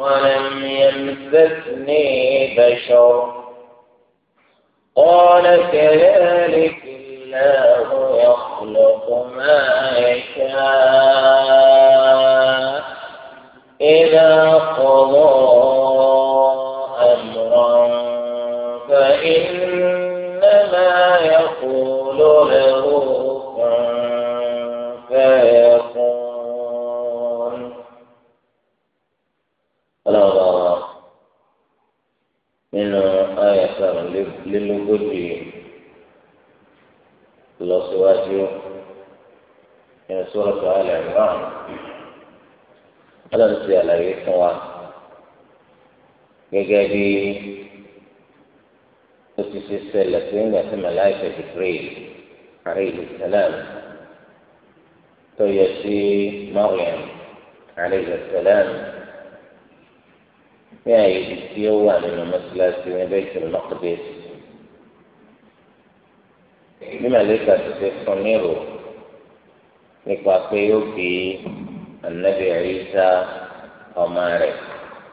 ولم يمسسني بشر قال كذلك الله يخلق ما يشاء إذا قضى أمرا فإنما يقول له mọ́kànlélógójì lọ síwájú nínú sọ́ọ̀tù alẹ́ náà ọlọ́run ti àlàyé fún wa gẹ́gẹ́ bí ó ti ṣe ṣẹlẹ̀ pé ńgbà tí màláìsà Jibril alayhi salam tó yẹ sí Maryam alayhi salam ní àyè ibi tí ó wà nínú mọ́sálásí ní Baitul Maqdis bí màlẹ́kà ti ṣe fún nírò nípa pé yóò bí Ànábì Ìsá ọmọ rẹ̀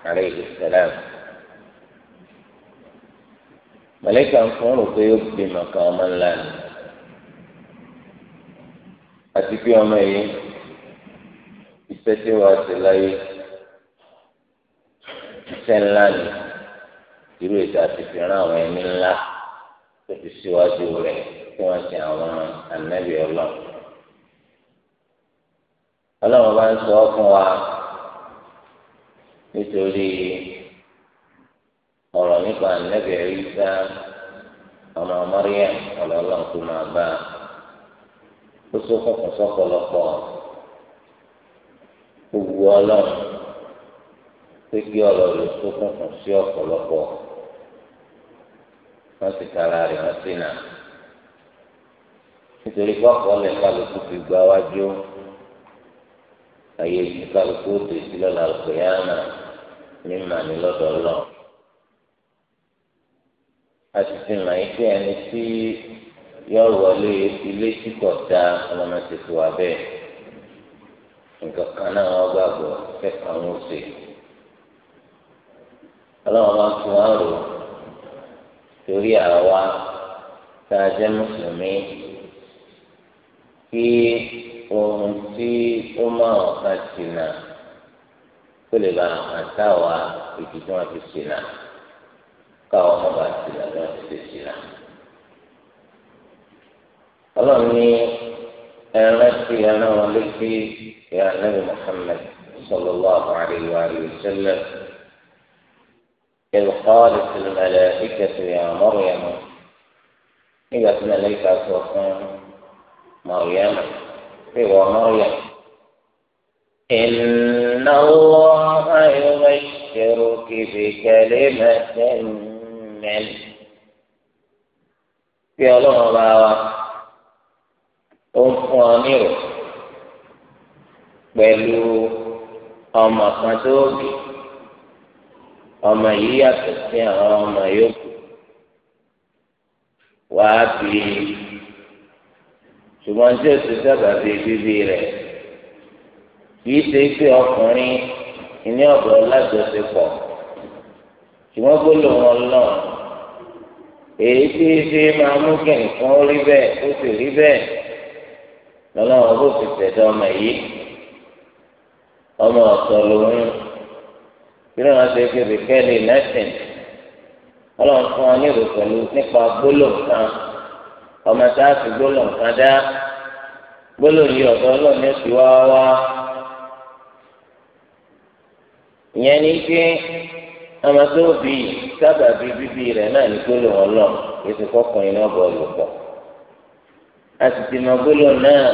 alayhi salam màlẹ́kà ń fún rò pé yóò bí màkà ọmọ ńlá ni àti pé ọmọ yìí iṣẹ́ tí wàá ṣe láyé iṣẹ́ ńlá ni irú ètò àti fi rán àwọn ẹni ńlá tó fi síwájú rẹ̀ kí wọ́n ti àwọn ànábì ọlọ́run. ọlọ́run bá ń sọ ọ́ fún wa nítorí ọ̀rọ̀ nípa ànábì ẹ̀ríṣà ọmọ mọ́ríyà ọlọ́run tó máa bá a. ó sọ fọkàn sọ́kọlọpọ̀ gbogbo ọlọ́run pé kí ọlọ́ọ̀lù tó kún fún sí ọ̀pọ̀lọpọ̀ wọ́n sì tara rẹ̀ wọ́n sì nà nítorí pọ́pọ́ lẹ̀ kálukú fi gba wájú ayé ìsìn kálukú ó dé sí lọ́la àlùkòyáàmà ní màní lọ́dọ̀ lọ. a sì ti mọ̀ yín pé ẹni tí yóò wọlé ilé tí kò da ọlọ́mọ ti fi wà bẹ́ẹ̀ nǹkan kan náà wọ́n gbàgbọ́ kẹ́kọ̀ọ́ ń ṣe ọlọ́run máa fi wọ́n rò torí àwa tá a jẹ́ mùsùlùmí kí ohun tí ó máa ọ̀kan ṣìnà kó lè bá hàn táwa ìdí tí wọ́n fi ṣìnà káwọn ọmọ bá ṣìnà bí wọ́n ti ṣe ṣìnà. ọlọ́run ní ẹran ti létí ìyá ànábì Muhammad sallallahu alaihi wa sallam. خالق الملائكة يا مريم إذا كنا ليس أسوأ مريم هو إيوه، مريم إن الله يبشرك بكلمة من في الله أمير أمفانيرو pẹ̀lú ọmọ ọmọ yìí yàtọ̀ sí àwọn ọmọ yòókù wàá fi ṣùgbọ́n tí o ti sábà fi bíbí rẹ̀ kìí ṣe pé ọkùnrin ìní ọ̀dọ́ lájọṣepọ̀ ṣùgbọ́n gbólóhùn ọlọ́run èyí tí ṣe máa mú kí nǹkan rí bẹ́ẹ̀ ó sì rí bẹ́ẹ̀ lọ́lọ́run ó fi tẹ̀dọ̀ ọmọ yìí ọmọ ọ̀tọ̀ lòun irú àwọn ṣe ké bìkẹ́lì lẹ́sìn ọlọ́run fún wa ní ìrò pẹ̀lú nípa gbólóǹkan ọmọ tá a fi gbólóǹkan dá gbólóyè ọ̀dọ́ ọlọ́run ní oṣù wá wá ìyẹn ní pé ọmọ tó bí sábà bí bíbí rẹ̀ náà ní gbólóhùn ọlọ́run ètò kọkùnrin náà bọ̀ lò pọ̀ a sì ti mọ gbólóhùn náà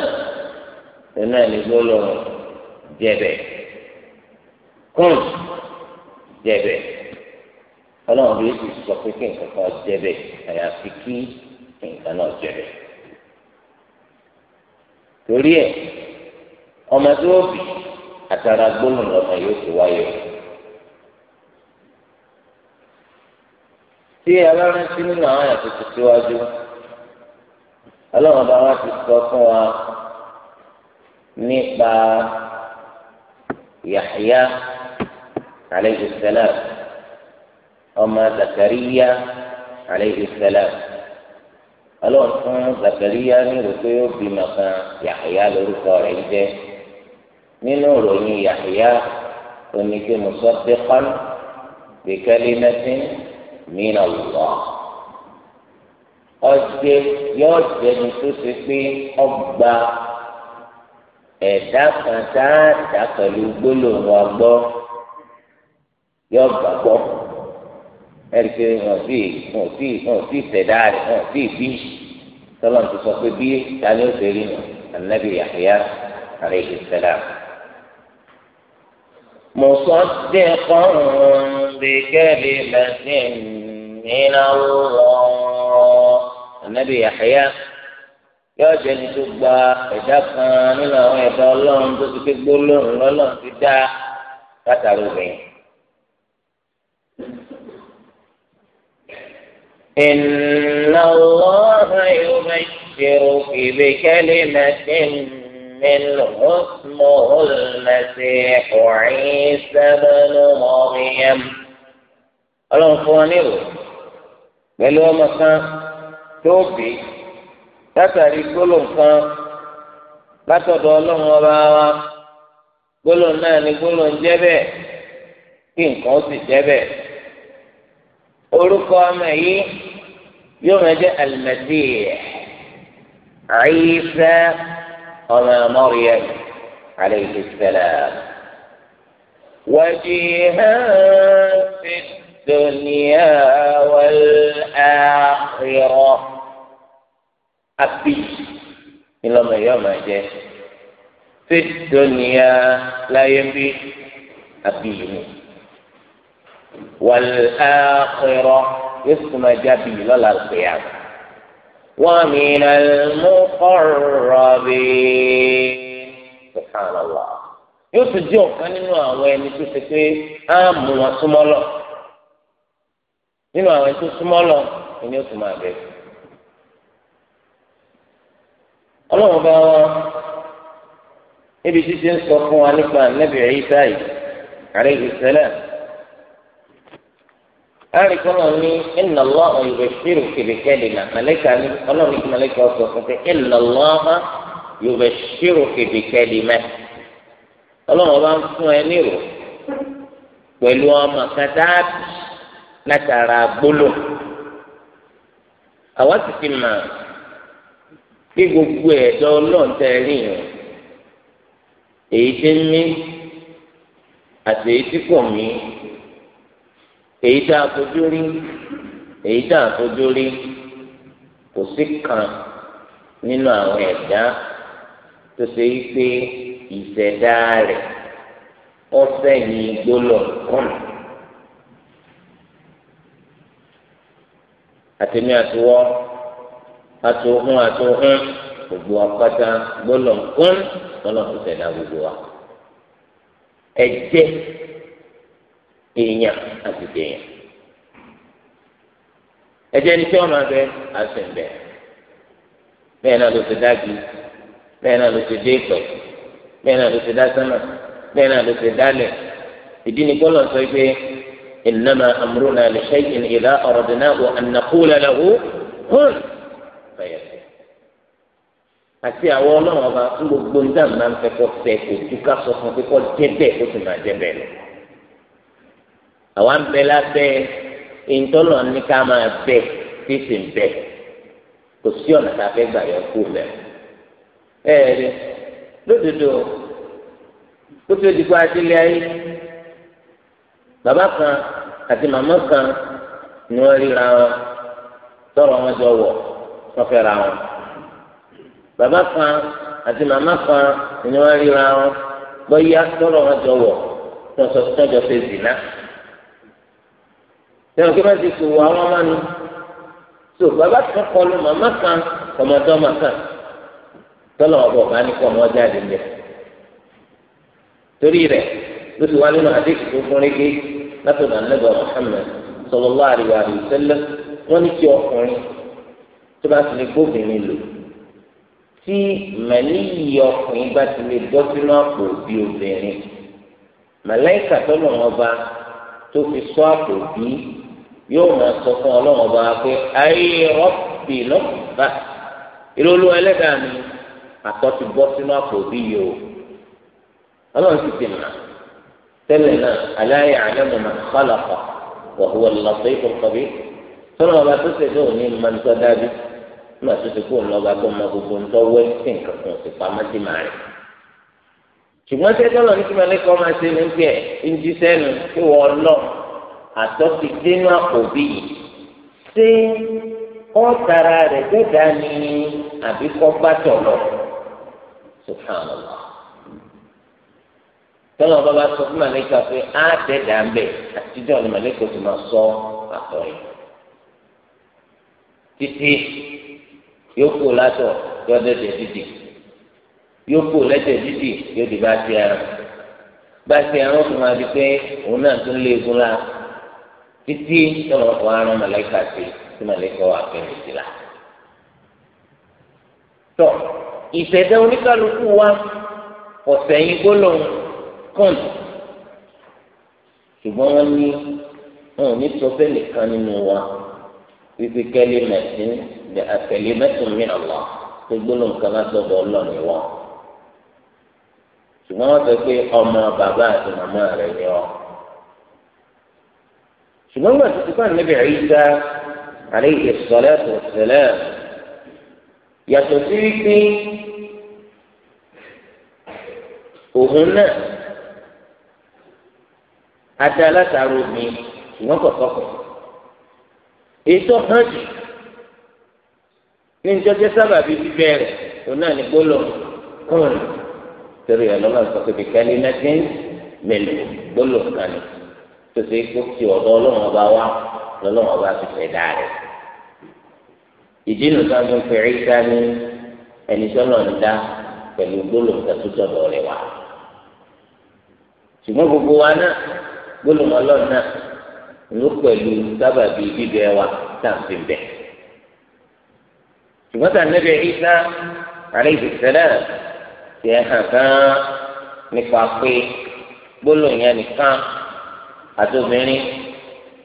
lónà ní gbólóhùn jẹ̀bẹ̀ kùn jẹ́bẹ̀ ọlọ́run bí yéésù sọ pé kí nǹkan kan jẹ́bẹ̀ àyàfi kí nǹkan náà jẹ́bẹ̀ torí ẹ̀ ọmọ tí ó bì àtàrà gbólóhùn lọ́mọ yóò ti wáyé o. tí alárántí nínú àwọn àyàtọ̀ tó síwájú ọlọ́run bá wá ti sọ fún wa nípa Yahya. عليه السلام أما زكريا عليه السلام ọlọ́run fún zakaria ní ìròpé ó bímọ kan yàhíyá lórúkọ rẹ̀ ń jẹ́ nínú ìròyìn yàhíyá oníke musaddiqan bi kalimatin min Allah ọjẹ yóò jẹni tó ṣe pé ọgbà ẹ̀dá kan tá a dà pẹ̀lú gbólóhùn ọgbọ́n yọ gbàgbọ́ ẹ̀ríkẹ́ wọn sí wọn sí wọn sí ìṣẹ̀dá rẹ̀ wọn sí ìbí sọlọ́n ti sọ pé bí dání ó fẹ́rí nù anabi yahya aleyhi salam. مصدقا بكلمة من الله النبي يحيى yóò jẹ ní tó gba ẹ̀dá kan nínú àwọn ẹ̀dá ọlọ́run tó ti fi gbólóhùn إن الله يبشرك بكلمة منه اسمه المسيح عيسى بن مريم ọlọ́run fún wa nírò pẹ̀lú ọmọ kan tó bí látàrí gbólóhùn kan látọ̀dọ̀ ọlọ́run ọba wa gbólóhùn náà ni gbólóhùn jẹ́ bẹ́ẹ̀ kí nǹkan ó sì jẹ́ bẹ́ẹ̀. orúkọ ọmọ yìí yóò máa alimẹsí Al-Masih Isa ọmọ Maryam alayhi wàjú wajiha fi dunya wal akhirah àbí ìlọmọ yóò máa jẹ́ fi dunya láyé bí àbí yìí. والآخرة اسم جبيل القيامة ومن المقربين سبحان الله يوسف جو كان إنه أوين تسكي أم وسم الله أوين تسمولو إنه يوسف ọlọ́run bá wá níbi títí ń sọ fún wa nípa nẹ́bí عليه السلام Ari kan náà ní yubashiru kìbìkẹ́lì náà mẹlẹ́kà ní ọlọ́run ọnọdụ mẹlẹ́kà ọ̀sọ̀ fún pé yubashiru kìbìkẹ́lì mẹ́ ọlọ́run bá fún ẹ nírò pẹ̀lú ọmọ kàdáàbì látara gbólò gbogbo èyí mí àti èyí tí èyí tá a fojú rí èyí tá a fojú rí kò sí kan nínú àwọn ẹ̀dá tó ṣe yí pé ìṣẹ̀dá rẹ̀ ọ̀sẹ̀ yìí gbólọ̀ kàn. àtẹ̀mí àtiwọ́ àtòhún àtòhún gbogbo apáta gbólọ̀ kàn lọ́nà tó ṣẹ̀dá gbogbo wa. ẹ̀jẹ̀ èèyàn àti dèèyàn ẹjẹ ní tí ọmọ abẹ àti ẹbẹ bẹ́ẹ̀ náà ló ti dági bẹ́ẹ̀ náà ló ti dé ìpẹ bẹ́ẹ̀ náà ló ti dá sánà bẹ́ẹ̀ náà ló ti dálẹ̀ ìdí ni gbọlọ sọ pé ìnáma amúrúnà lè ṣe ìyìn ìlà ọ̀rọ̀ dínà wọ ànàkúlẹ hàn fẹyẹsẹ àti àwọn Ọlọ́run ọba ń gbogbo ń dà máa ń fẹ́ kọ fẹ́ kò ju sọ fún pé kọ jẹ bẹ́ẹ̀ kó sì máa jẹ bẹ́ẹ̀ lọ àwa ń bẹ lábẹ́ ìtọ́lọ̀ ní ká máa bẹ tí sì ń bẹ kò sí ọ̀nà tá a fẹ́ gbà yọ kú mẹ́. ẹ ẹ rí lódodo ó tó di pé adílé ayé bàbá kan àti màmá kan ni wọ́n ríra wọn tọrọ wọn jọ wọ̀ wọ́n fẹ́ ra wọn bàbá kan àti màmá kan ni wọ́n ríra wọn bọ́yá tọrọ wọn jọ wọ̀ wọ́n tọ́jọ́ fẹ́ zìnnà lẹ́nu kí wọ́n ti sòwò àwọn ọmọ ni so bàbá kan kọlu màmá kan tọmọtọmọ kan tọ́lọ̀ ọ̀bọ̀ bá ní kọ́ ọmọ jáde ń bẹ̀ torí rẹ̀ ló ti wá nínú àdéhùn tó fún régé látọ̀dọ̀ anábẹ́ Muhammad sallallahu alaihi wa sallam wọ́n ní kí ọkùnrin tó bá ti lè gbóbìnrin lò tí màlíyì ọkùnrin bá ti lè bọ́ sínú àpò bí obìnrin màláìkà tọ́lọ̀ wọn bá tó fi sọ àpò bíi yóò máa sọ fún ọlọ́run ọba pé ayé rọ́bì lọ́bà ìlólú ẹlẹ́dàá mi àtọ́ ti bọ́ sínú àpòbí yìí o ọlọ́run sì ti mà tẹ́lẹ̀ náà aláyé àlẹ́mu mà kọ́lọ̀kọ̀ wọ̀húwọ̀ lọ́sọ̀ ìkọ̀kọ̀bí sọ́nà ọba tó ṣe tó ní ma ń tọ́ dájú nígbà tó ti kó lọ́ba tó ma gbogbo ń tọ́ wẹ́ nǹkan kan sì pamọ́ sí màá rẹ̀ ṣùgbọ́n tẹ́tọ́lọ́ ní àtọ̀ ti dénú àpòbí yìí ṣé wọ́n tara rẹ̀ gbẹ́dá ni àbí kọ́ bá tọ̀ lọ subhanallah tọ́lá ọba bá sọ fún màlẹ́kà pé á dẹ́dà ń bẹ̀ àtijọ́ ni màlẹ́kà ti máa sọ àtọ̀ yìí títí yóò kó látọ̀ yóò dẹ́dẹ̀ dídì yóò kó lẹ́dẹ̀ dídì yóò di bá ti ẹran bá ti ẹran ó máa di pé òun náà tún lé egun lára títí tọ́lọ̀ wà rán mọ̀lẹ́kà sí tí mọ̀lẹ́kà wà kẹ́mi sí la. tọ́ ìṣẹ̀dá oníkálukú wa ọ̀sẹ̀ yìí gbólóhùn kàn ṣùgbọ́n wọ́n ní wọn ò ní sọ bẹ́ẹ̀ nìkan nínú wa wípé kẹ́lí mẹ́sìn ní àtẹ̀lé mẹ́sìn mìíràn lọ pé gbólóhùn kan látọ̀dọ̀ ọlọ́ọ̀ni wọn. ṣùgbọ́n wọ́n sọ pé ọmọ bàbá àti màmá rẹ̀ ni wọn ṣùgbọ́n gbà tó ti bá níbi Ìsá alayhi salatu wassalam yàtọ̀ sí wípé òun náà adá látara omi ṣùgbọ́n kọ̀kọ́kọ̀ ètò hàn jù ní njọ́jẹ́ sábà bíi bíbẹ̀rẹ̀ òun náà ní gbólọ̀ kùn torí ẹ̀ lọ́wọ́ sọ pé bìkẹ́lí náà ti gbólọ̀ kan ni tó ṣe kó ti ọ̀dọ̀ ọlọ́run ọba wá lọ́lọ́run ọba ti fẹ̀ dá rẹ̀. ìdí nu sáà fi ń fi rí sá ní ẹni sọ́nà ń dá pẹ̀lú gbólóǹkà tó tọ̀dọ̀ rẹ̀ wá. ṣùgbọ́n gbogbo wa náà gbólóǹkà ọlọ́run náà ló pẹ̀lú sábàbí bíbẹ wa táǹfì bẹ̀. ṣùgbọ́n tà níbi ìsá àlẹ́ ìsẹ̀lẹ̀ ti ẹ̀ hàn kán nípa pé gbólóǹkà nìkan àti obìnrin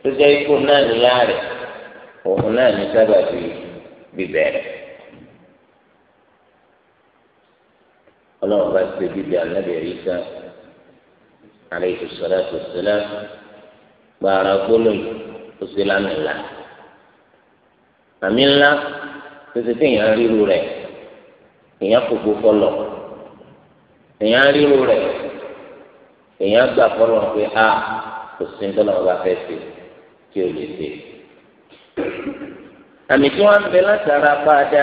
tó jẹ́ ikú náà níyà rẹ̀ òun náà ní sábàbí bíbẹ̀rẹ̀. ọlọ́run bá ti bíbí ànábì Ìsá alayhi salatu wassalam gbàrà gbólóyè ó sì lámì ńlá àmì ńlá tètè téèyàn ríru rẹ̀ èèyàn kòkó fọlọ̀ èèyàn ríru rẹ̀ èèyàn gbà fọlọ̀ pé a. Ah, kò sí nítorí wọn bá fẹ́ ṣe kí o lè ṣe. àmì tí wọ́n ń bẹ látara báadá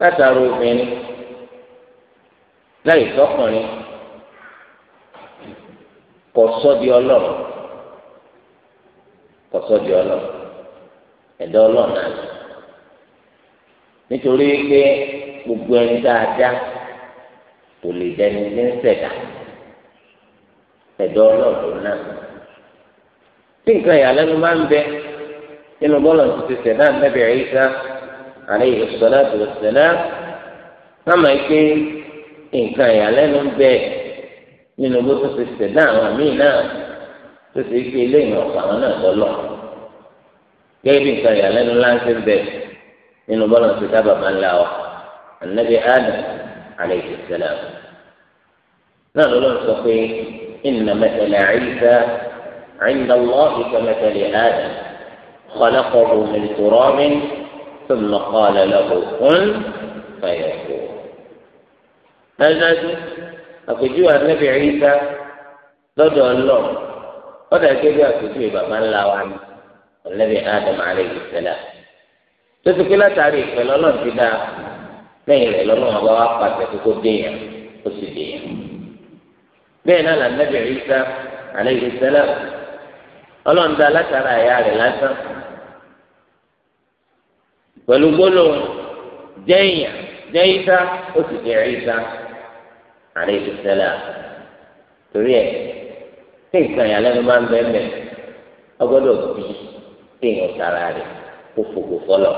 látara obìnrin láì sọkùnrin kò sọ di ọlọ́run kò sọ di ọlọ́run ẹ̀dá ọlọ́run náà nítorí pé gbogbo ẹni dáadáa kò lè dẹni ní sẹ̀dá. ẹ̀dọ́ ọlọ́ọ̀dún náà tí nǹkan ìyàlẹ́nu máa ń bẹ nínú bọ́ọ̀lù tuntun ṣẹ̀dá nàbì Ìsá naa salatu wassalam sáàmà pé nǹkan ìyàlẹ́nu bẹ nínú bó tó ṣe ṣẹ̀dá àwọn míì náà tó ṣe fi eléyìí ọ̀pọ̀ àwọn náà lọ́lọ́ gẹ́gẹ́ bí nǹkan ìyàlẹ́nu láńṣẹ́ bẹ nínú sábà ń la wa إن مثل عيسى عند الله كمثل آدم خلقه من تراب ثم قال له كن فيكون هذا أخجوها النبي عيسى ضد الله هذا كذا كتب من لا وعن النبي آدم عليه السلام تذكر لا تعريف فلا الله في ذا لين الى الله وقفت تكون دين bẹ́ẹ̀ náà là ala Ìsá alayhi salam ọlọ́run dá látara ẹ̀yà rẹ̀ lásán pẹ̀lú gbólóhùn jẹ́yìn jẹ́yìísá ó sì jẹ́ Ìsá alayhi salam torí ẹ̀ tí nǹkan ìyàlẹ́nu máa ń bẹ́ẹ̀ mẹ́ ọgbọ́dọ̀ bí kéèyàn tara rẹ̀ kó fòkò fọlọ̀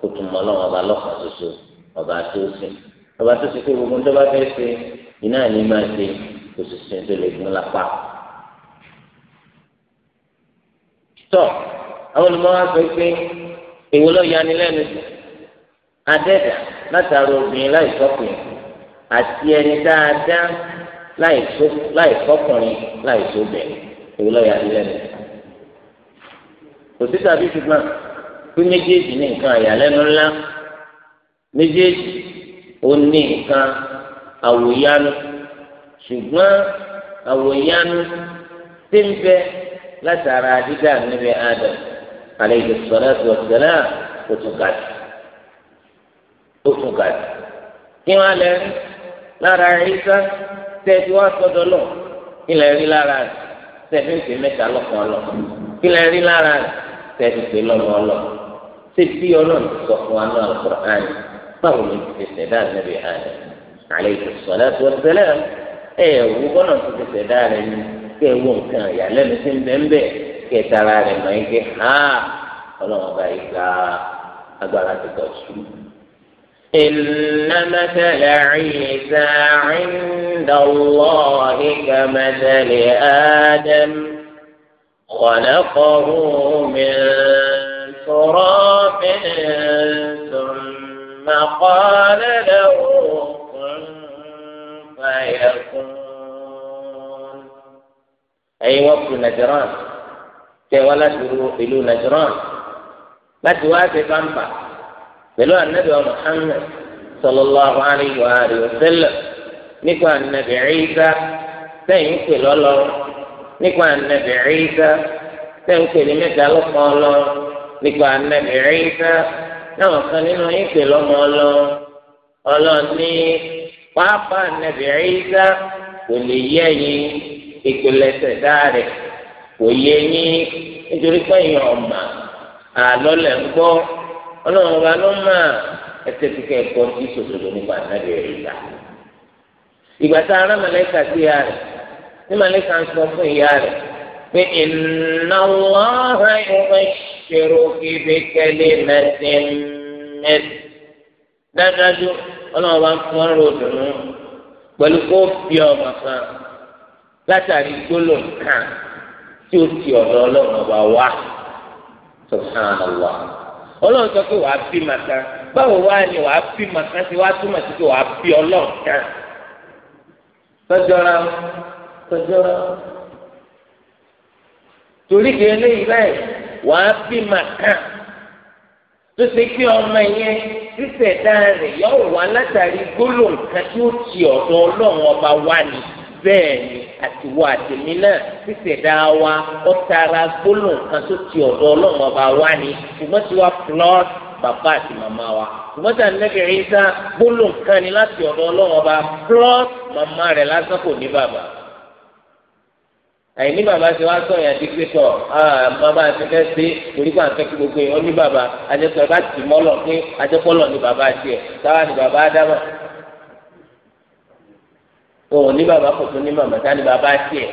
kó tún mọ́ lọ́wọ́ ọba lọ́kàn ṣoṣo ọba tó sìn ọba tó gbogbo ń ṣe iná ní máa ṣe. kò sì sí tó lè gún lápá. tọ́ àwọn olùmọ̀ wá sọ pé èwo ló yani lẹ́nu adẹ́dà látara obìnrin láì sọ́kùnrin àti ẹni dáadáa láì sọ́kùnrin láì sóbẹ̀rẹ̀ èwo ló yani lẹ́nu. kò sí tàbí ṣùgbọ́n pé méjèèjì ní nǹkan àyàlẹ́nu ńlá méjèèjì ó ní nǹkan àwòyánu ṣùgbọ́n àwòyánu ti ń bẹ látara dídá níbi Adam alayhi salatu wassalam kò tún ga jù ó tún ga jù kí wọ́n lẹ rí lára Ìsá tẹ̀sí wá sọ́dọ̀ lọ kí lẹ rí lára tẹ̀sí ń pè mẹ́ta lọ́kàn lọ kí lẹ rí lára tẹ̀sí pè lọ́mọ lọ ṣé ọlọ́run sọ fún wa náà Al-Qur'an báwo ló ti ṣẹ̀dá níbi Adam alayhi salatu wassalam. ẹ wo bọ́nà tó ti ṣẹ̀dá rẹ̀ ni kẹ́ ẹ wo nǹkan ìyàlẹ́nu ti ń bẹ́ ń bẹ́ kẹ́ tara rẹ̀ mọ̀ ẹ́ kẹ́ ha ọlọ́run bá yìí gba agbára ti tọ̀ sí. إن مثل عيسى عند الله كمثل آدم خلقه من تراب ثم قال له فيكون أي وقت نجران تولى إلو نجران لا تواسي كامبا pẹ̀lú anabi wa muhammed sallallahu alayhi wa alayhi wa sallam nípa anabi Isa sẹ́yìn pè lọ́lọ́run nípa anabi Isa sẹ́yìn pè ní mẹ́ta lọ́kàn ọlọ́run nípa anabi Isa náà kan nínú yín pè lọ́mọ ọlọ́run ọlọ́run ní pàápàá nàbì ẹ̀yíṣà kò lè yé ẹ̀yin ìpilẹ̀sẹ̀ dáre kò yé yín nítorí pé èèyàn ọ̀mà àlọ́ lẹ̀ ń gbọ́ ọlọ́run ọba ló mà ẹsẹ̀ ti kẹ́kọ̀ọ́ sí sòsòdò nípa nàbì ẹ̀yíṣà. ìgbà tá a rán mọ̀lẹ́kà sí ìyá rẹ̀ ní mọ̀lẹ́kà ń sọ fún ìyá rẹ̀ pé ìnáwó ọ̀hán ìwé ṣèrò kébékẹ́lé mẹ́sìn mẹ́sìn dájúdájú ọlọ́run bá ń fún ọrùn òdùnnú pẹ̀lú kó fi ọmọ kan látàrí gbólóhùn kan tí ó ti ọ̀dọ̀ ọlọ́run ọba wá subhanallah ọlọ́run sọ pé wàá bí màkà báwo wá ni wàá bí màkà tí wàá túmọ̀ sí pé wàá bí ọlọ́run kan tọ́jọ́ra tọ́jọ́ra torí kí eléyìí báyìí wàá bí màkà tó ṣe pé ọmọ yẹn ṣíṣẹ̀dá rẹ̀ yọ wà látàrí gbólóhùn kan tí ó ti ọ̀dọ̀ ọlọ́run ọba wá ni bẹ́ẹ̀ ni àtiwọ́ àtẹ̀mí náà ṣíṣẹ̀dá wa ó tara gbólóhùn kan tó ti ọ̀dọ̀ ọlọ́run ọba wá ni ṣùgbọ́n tí wàá plus bàbá àti màmá wa ṣùgbọ́n tí ànágẹ̀ Ìsá gbólóhùn kan ni láti ọ̀dọ̀ ọlọ́run ọba plus màmá rẹ̀ lásán kò ní bàbá àìní bàbá ṣe wá sọ yẹn àti pé tọ bàbá ah, ti fẹ́ ṣe torí pé àǹfẹ́ kí gbogbo yẹn ó ní bàbá àjẹpọ̀ ẹ bá ti mọ́lọ̀ pé àjẹpọ̀lọ̀ ni bàbá tiẹ̀ táwa ni bàbá ádámà òun ní bàbá kò tún ní màmá tá ni bàbá tiẹ̀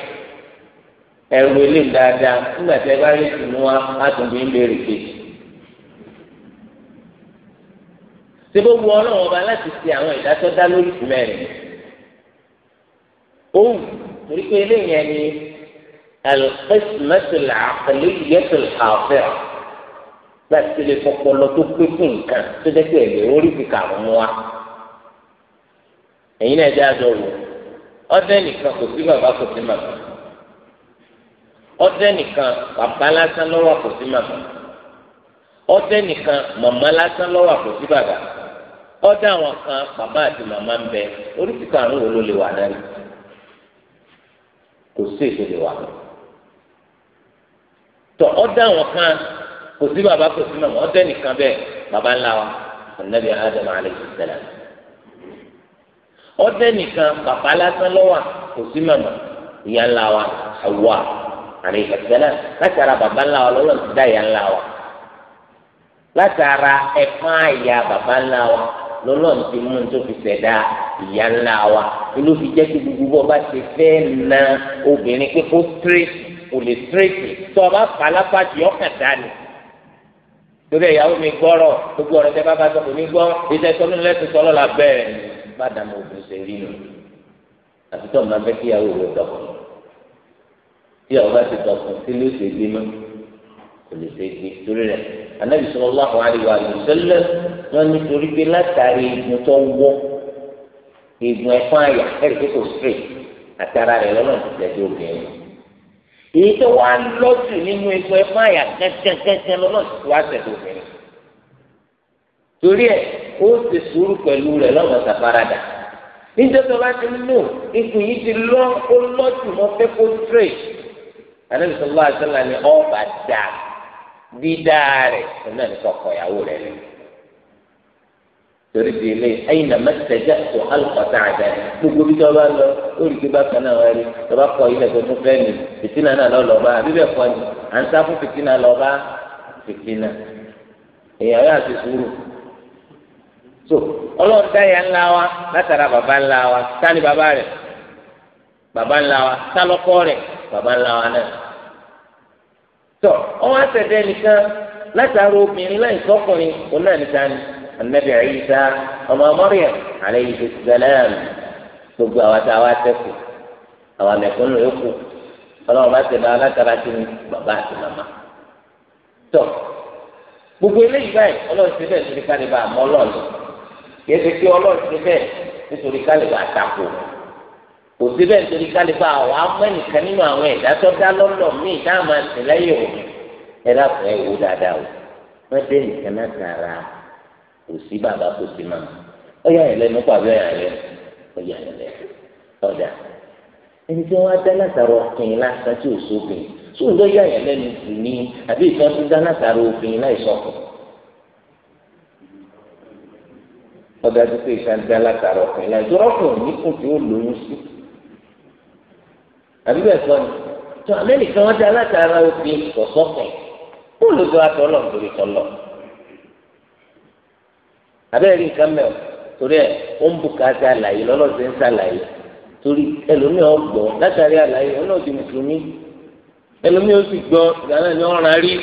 ẹ̀rù ilé dáadáa nígbà tí ẹ bá rí ìtùnú wa látùnbí ń béèrè pé. ṣé bó wu ọlọ́run ọba láti ṣe àwọn ìdásọ́dá lórí ìsúnmẹ́rin? ó wù torí pé eléyìí ẹni القسمة العقلية الحاضرة بس اللي فقولوا تكفين كان تدك اللي ولي في كارموا هنا جاءوا ọdẹ nìkan kò sí bàbá kò sí màmá ọdẹ nìkan bàbá lásán lọ́wọ́ kò sí màmá ọdẹ nìkan màmá lásán lọ́wọ́ kò sí bàbá ọdẹ àwọn kan bàbá àti màmá ń bẹ oríṣi karùn-ún wo ló lè wà náà kò sí èso lè wà náà tọ ọdẹ àwọn kan kò sí bàbá kò sí màmá ọdẹ nìkan bẹ́ẹ̀ bàbá ńlá wa anabi adam alayhi salam ọdẹ nìkan bàbá lásán lọ́wọ́ kò sí màmá ìyá ńlá wa Hawa alayhi salam láti ara bàbá ńlá wa lọ́wọ́ ti dá ìyá ńlá wa láti ara ẹ̀fọn àyà bàbá ńlá wa lọ́lọ́run ti mú tó fi ṣẹ̀dá ìyá ńlá wa inú fi jẹ́ kí gbogbo bá ti fẹ́ na obìnrin pé kó tírèsì kò lè tírèkì tó o bá fà lápàdé ọkàn dání torí ìyàwó mi gbọ́rọ̀ gbogbo ọ̀rọ̀ tẹ bá bá sọ kò ní gbọ́ iṣẹ́ sọ́nù lẹ́sìn sọ́nù la bẹ́ẹ̀ bá dàmú òbí ṣe rí nù àti tó o máa fẹ́ kí ìyàwó rẹ dọ̀kun tí ìyàwó bá ti dọ̀kun tí ló ṣe gbé mọ́ kò lè ṣe gbé torí rẹ anábì sallallahu alaihi wa sallam wọn nítorí pé látàrí igun tó wọ́ igun ẹ̀fọn àyà ẹ̀rí kò straight àtàrà rẹ lọ́nà ìtẹ́jú obìnrin èyí tó wá lọ́sùn nínú ẹgbẹ́ fáyà kẹ́tẹ́kẹ́tẹ́ lọ́lọ́sùn tó wá tẹ̀lé obìnrin torí ẹ ó ti sùúrù pẹ̀lú rẹ̀ lọ́nà sàfaradà níjẹ́ tó bá ti nù ikùn yìí ti lọ ó lọ́sùn mọ́ fẹ́ kó tírè àdébìsọ̀ lọ́wọ́ àti sọ́la ni ọ̀bà dà dídá rẹ̀ ọ̀nà ní kọ̀ọ̀kọ̀ rẹ̀ lẹ́nu torí di ilé ẹyin nà mẹsẹjẹ tó alùpàtà àdá gbogbo bí tọ́ bá lọ olùkí bá kan náà rí tọ́ bá kọ ilẹ̀ tó tún fẹ́ ni fìtínà náà lọ lọ́ba àbí bẹ́ẹ̀ kọ́ ni à ń sá fún fìtínà lọ́ba fìtínà èèyàn yóò àti sùúrù so ọlọ́run dáyà ńlá wa látara bàbá ńlá wa sani bàbá rẹ̀ bàbá ńlá wa sálọ́kọ́ rẹ̀ bàbá ńlá wa náà tọ́ ọwọ́ àtẹ̀dẹ́ nìkan látara obìnrin láì sọ́kùnrin òun náà nìkan ni anabi ayisa ọmọ mọrìyà aleyhi salam gbogbo àwọn tí a wá sẹkù àwọn amẹkùnrin yòókù Ọlọ́run bá tẹlẹ alákàrà sí ni bàbá àti màmá tọ gbogbo eléyìí báyìí Ọlọ́run ti bẹ́ẹ̀ nítorí kálíbà àmọ́ Ọlọ́run yẹ ti pé Ọlọ́run ti bẹ́ẹ̀ nítorí kálíbà àtakò kò sí bẹ́ẹ̀ nítorí kálíbà àwọn amẹnìkan nínú àwọn ẹ̀dá tó dá lọlọ míì dáhùn àtìlẹ́yìn òun ẹ dákun ẹ wò dáadáa o wọn dé nìkan náà tààrà. kò sí bàbá kò sí màmá ó yà yẹn lẹ́nu pàbí ọ̀yà lẹ́nu ó yà ẹni tí wọ́n á dá ọkùnrin lásán tí ò sóbìn tí ò yà yẹn lẹ́nu sì ní àbí tó dá tó ọkùnrin láì tó nípò tí ó lóyún sí àbí bẹ́ẹ̀ sọ ni tó àmẹ́nìkan kó lóso abẹ́rẹ́ rí nǹkan mẹ́ọ̀ torí ẹ̀ ó ń bùkátà àlàyé lọ́lọ́sẹ̀ ń ṣàlàyé torí ẹlòmíràn ó gbọ́ látàrí àlàyé ó náà di mùsùlùmí ẹlòmíràn ó sì gbọ́ ìgbà náà ni ó rán rí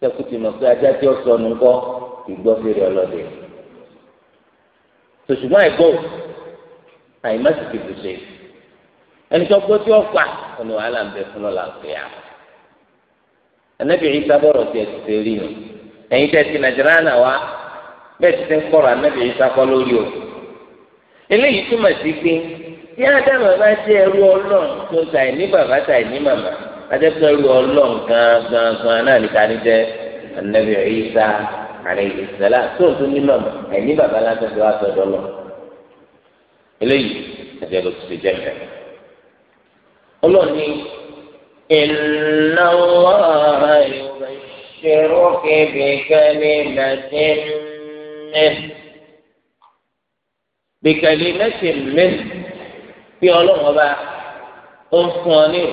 sẹ́kù ti mọ̀ pé ajá tí ó sọ nù kọ́ ìgbọ́ fèrè ọlọ́dẹ tòṣùmọ́ ẹ̀gbọ́ àyìnbá sì ti ẹni tó gbọ́ tí ó fà ọ̀nà wàhálà ń bẹ fún ọ làǹfẹ̀ yà bẹ́ẹ̀ ti ti ń kọrọ anabi yìí sáfọ lórí o eléyìí túmọ̀ sí pé tí ádámà bá jẹ́ ẹrú ọlọ́run tó ta ẹ̀ ní bàbá ta ẹ̀ ní màmá adẹ́pẹ́ ẹrú ọlọ́run gan gan náà níta ní jẹ́ anabi Ìsá alayhi salam tó ń tún ní màmá ẹ̀ bàbá lásán tó wá sọ́dọ̀ lọ eléyìí ẹ̀jẹ̀ ló ti ti jẹ́ mẹ́rin ọlọ́run ní inna Allaha yubashshiruka bi kalimati. منه بكلمة منه في علوم وبا أنفواني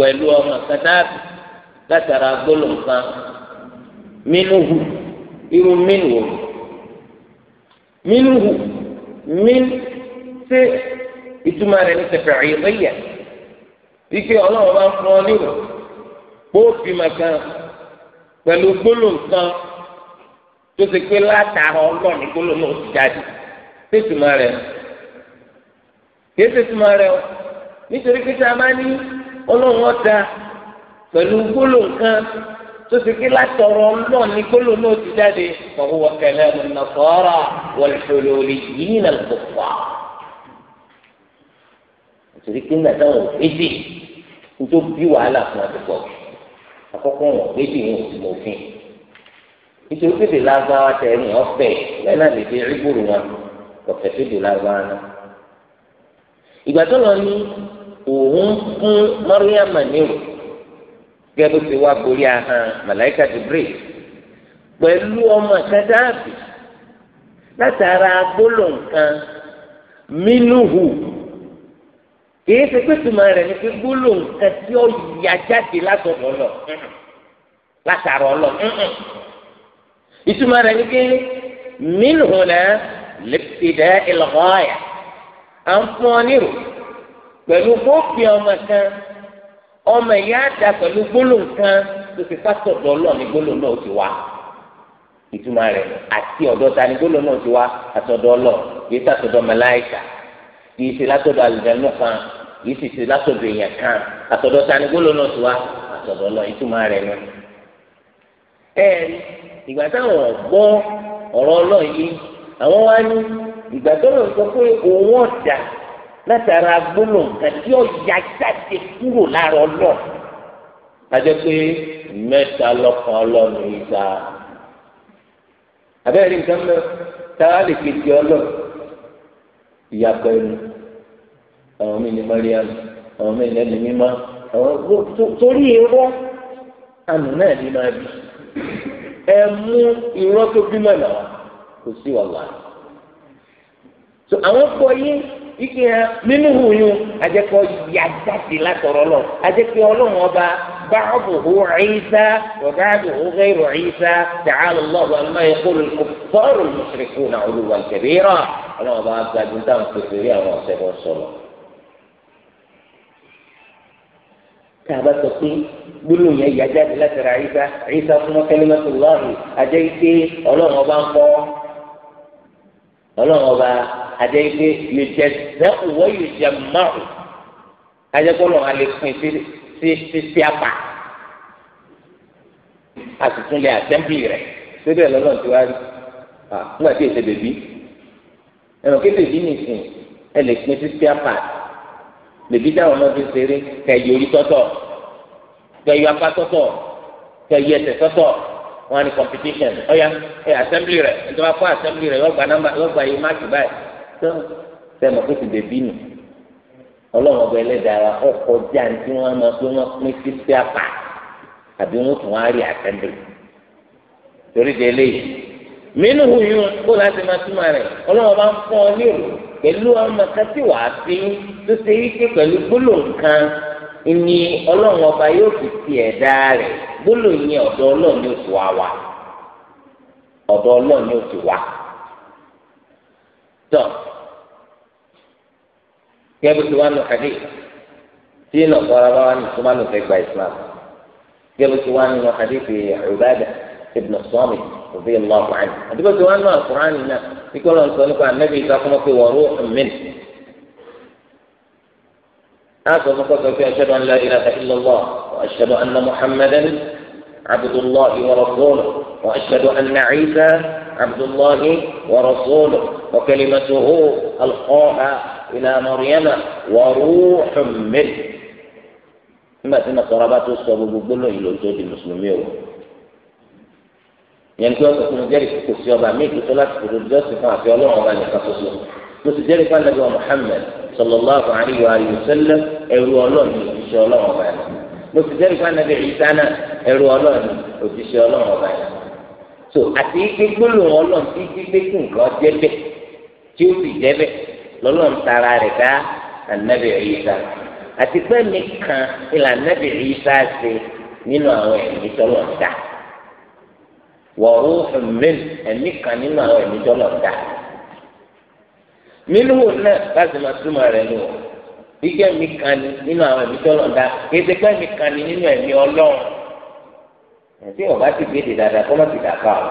pẹ̀lú ọmọ kẹtàbí látara gbólóhùn kan mínúhù irú mínúhù mínúhù mín ṣe ìtumọ̀ rẹ̀ ní tẹ̀fẹ̀ ìrẹ́yà wípé ọlọ́run bá ń fún ọ níwò bó fi màkà pẹ̀lú gbólóhùn kan tó ṣe pé látara ọlọ́ọ̀ni gbólóhùn náà ti jáde ṣé ìtumọ̀ rẹ̀ kìí ṣe ìtumọ̀ rẹ̀ o nítorí pé tá a bá ní ọlọ́run ọ̀dà pẹ̀lú gbólóhùn kan tó ṣe pé látọ̀rọ̀ ọlọ́ọ̀ni gbólóhùn náà ti jáde ọ̀hún wọ̀kẹ̀lẹ̀ ọ̀nàfọ́ọ̀rà wọ̀lẹ̀fọ̀lẹ̀ yìí nà lọ́kọ̀ọ̀fà nítorí pé nígbà táwọn òfin nítorí bí wàhálà fún nítorí pèdè lágbára tẹ̀rín ọ̀fẹ́ bẹ́ẹ̀ náà lè fi rígbòrò wọn ọ̀fẹ́ pèdè lágbára náà. ìgbà tó lọ ní òun fún mọ́ríyàmà nírò gẹ́gẹ́ bó ti wá borí ahọ́n màláìka jibril pẹ̀lú ọmọ kẹtàbí látara gbólóǹkan mínúhù kìí ṣe pé tùmọ̀ rẹ̀ ní pé gbólóǹkan tí ó yà jáde látọ̀dọ̀ lọ látara ọlọ́ọ̀ ìtumọ̀ rẹ̀ ni pé mílùú náà lẹ́pẹ̀dẹ́ ìlọ́ọ̀yà à ń fún ọ nírò pẹ̀lú gbófin ọmọ kan ọmọ ìyá àdá pẹ̀lú gbólóhùn kan tó fi pásítọ̀ ọ̀dọ̀ ọlọ́ọ̀ni gbólóhùn náà ti wá ìtumọ̀ rẹ̀ àti ọ̀dọ̀ ta ni gbólóhùn náà ti wá àtọ̀dọ̀ ọlọ́ọ̀ kìí sàtọ̀dọ̀ mẹláìkà kìí ṣe látọ̀dọ̀ àlùjànnú kan kìí sì ṣe látọ̀dọ̀ èèyàn kan àtọ̀dọ̀ ta ni gbólóhùn náà ti wá àtọ̀dọ̀ ọlọ́ọ̀ ìtumọ̀ rẹ̀ náà ẹ ìgbà táwọn ọgbọ́ ọ̀rọ̀ Ọlọ́run yìí àwọn wá ní ìgbà tó lọ sọ pé òun ọ̀dà látara gbólò nǹkan tí ó ya jáde kúrò lára ọlọ àjẹ pé mẹ́ta lọ́kàn Ọlọ́run yìí ta abẹ́rẹ́ nǹkan mẹ́ táwa lè kejì Ọlọ́run ìyàpọ̀ ẹnu àwọn mi ní Mariam àwọn mi ní ẹni mímọ́ àwọn torí irọ́ àmì náà ní máa bí ẹ mú irọ́ tó bímọ náà kò sí wàhálà so àwọn kọ yín ike hàn nínú huyun àjẹkọ yàgbàsí látọrọ lọ àjẹkọ Ọlọ́run ọba báàbùhù ẹyíṣà wàbáàbùhù gẹrù ẹyíṣà tààlù lọọbù àlùmáyé kólú kòfọrù mùsùlùkù náà olùwà kẹbíìrà Ọlọ́run ọba gbàdúrà táwọn pèsè rí àwọn ọsẹ bọ sọlọ gbólóhùn yẹn yà jáde látara Ìsá Ìsá fún kẹlímẹtò lọrùn àjẹ ike Ọlọ́run ọba ń kọ́ Ọlọ́run ọba àjẹ ike yóò jẹ sẹ òwò yóò jẹ márùn àjẹ gbólóhùn alẹ pin sí sí sí apá àtúntúnlẹ àtẹmpì rẹ síbẹ̀ lọ́lọ́run ti wá rí nígbà tí èsè bèbí ẹnì kéde yìí nìsín ẹ lè pin sí sí apá bèbí táwọn ọmọ fi ṣeré kẹyì orí tọ́tọ̀ kẹyọ apá sọ́tọ̀ kẹyọ ẹsẹ̀ sọ́tọ̀ wọn ni competition ọyà ẹ assembly rẹ ẹ tọ́ba kọ́ assembly rẹ yọgbà nọ́mbà yọgbà yìí máàkì báyìí tó sẹ́mi kó ti bèbí nù ọlọ́run ọba ẹlẹ́dàá ọkọ̀ jáǹtí wọn máa pé wọn pín sísí apá àbí wọn tún wá rí assembly torí de eléyìí mínú huyún kó láti máa túmọ̀ rẹ̀ ọlọ́run bá ń fún ọ ní òru pẹ̀lú ọmọ kan tí wàá fi tó ṣe wípé pẹ̀lú gbólóǹkan ìní ọlọ́run ọba yóò fi ti ẹ̀dá rẹ̀ gbólóyìn ọ̀dọ̀ ọlọ́run yóò ti wá wa ọ̀dọ̀ ọlọ́run yóò ti wá. tọ́ kí ẹbí tí wàá nù kàdé tí ìnà ọ̀gbọ́ra bá wà ní tó má nù fẹ́ gba Islam kí ẹbí tí wàá nù kàdé fi Ubadah ibn Samit òbí ìlú ọ̀gbọ̀n àdìgbò tí wàá nù Al-Qur'an náà kíkọ́ lọ́n sọ nípa anábì ìsàkúnmọ́ pé wọ́n rú ọ̀mìn هذا المقصد في أشهد أن لا إله إلا الله وأشهد أن محمدا عبد الله ورسوله وأشهد أن عيسى عبد الله ورسوله وكلمته ألقاها إلى مريم وروح منه ما يعني في مقربات السبب كله إلى وجود المسلمين ينتهي تكون ذلك في السيارة ميت ثلاث في الجلسة فأعطي الله على أن يخصصه mo sì jẹ́rìí fún anabi wa Muhammad sallallahu alayhi wa sallam ẹrú ọlọ́ọ̀ni òjíṣẹ́ ọlọ́wọ́n ọba yẹn mo sì jẹ́rìí fún ọlọ́ọ̀ni òjíṣẹ́ ọlọ́wọ́n ọba yẹn so àti ike gbólóhùn ọlọ́ọ̀n tí gbígbé kí nǹkan jẹ́ bẹ́ẹ̀ tí ó sì jẹ́ bẹ́ẹ̀ lọ́lọ́ọ̀n tara rẹ̀ dá anabi Isa àti pé nìkan ilà anabi Isa ṣe nínú àwọn ẹ̀mí tọ́lọ̀ dá wọ̀rú ẹ̀mí mílíọ̀nù náà láti máa túmọ̀ rẹ̀ nù ọ́ gbígbẹ́ mi kan ni nínú àwọn ẹ̀mí tọ́lọ̀ ń da gbẹ́gbẹ́ mi kan ni nínú ẹ̀mí ọlọ́run ẹ̀sìn ọ̀gá ti gbé de dáadáa kọ́ má ti dà fà ọ́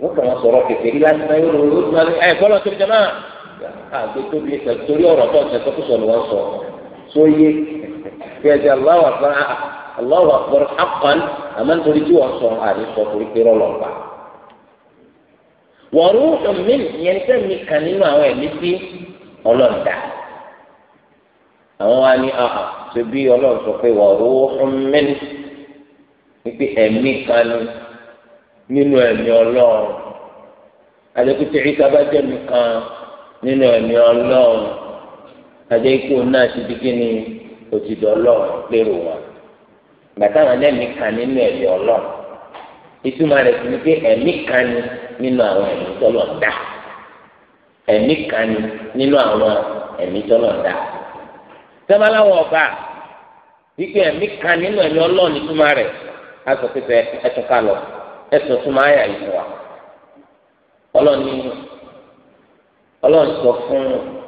wọ́n kàn wọ́n sọ̀rọ̀ kékeré láti náà yóò lọ́wọ́ lóṣù náà ẹ̀ bọ́lọ̀ tó jẹ́ máa àgbẹ̀ tó bí ẹsẹ̀ torí ọ̀rọ̀ tó ṣe tọ́kù sọ̀rọ̀ wọn sọ tó yé kí aláwọ̀ àgbọ̀rọ̀ àmọ́ nítorí tí wọ́n sọ àdìsọ torí pé rọ́lọ́pàá wọ̀rú ọ̀mìn yẹn sẹ́mi kan nínú àwọn ẹ̀mí sí ọlọ́ọ̀dà àwọn wa ní ọ̀hà tó bí ọlọ́ọ̀ sọ pé wọ̀rú ọ̀mìn wípé ẹ̀mí kan nínú ẹ̀mí ọlọ́ọ̀ àdékùtì ìta bá jẹ́ mi kan nínú ẹ̀mí ọlọ́ọ̀ àdékù náà ti di kíni òtítọ́ ọlọ́ọ̀ lérò wọn gbàtà wọn lẹ́mí kan nínú ẹ̀mí ọlọ́ọ̀ ìtumọ̀ rẹ̀ sì ni pé ẹ̀mí kan ni nínú àwọn ẹ̀mí tọ́lọ̀ dá ẹ̀mí kan ni nínú àwọn ẹ̀mí tọ́lọ̀ dá sẹ́mọ́láwọ̀ ọba wípé ẹ̀mí kan nínú ẹ̀mí ọlọ́ọ̀ni túmọ̀ rẹ̀ á sọ pé ẹ̀tún ká lọ ẹ̀sùn túmọ̀ ayà ìfọ̀ wa ọlọ́ọ̀ni ọlọ́ọ̀ni sọ fún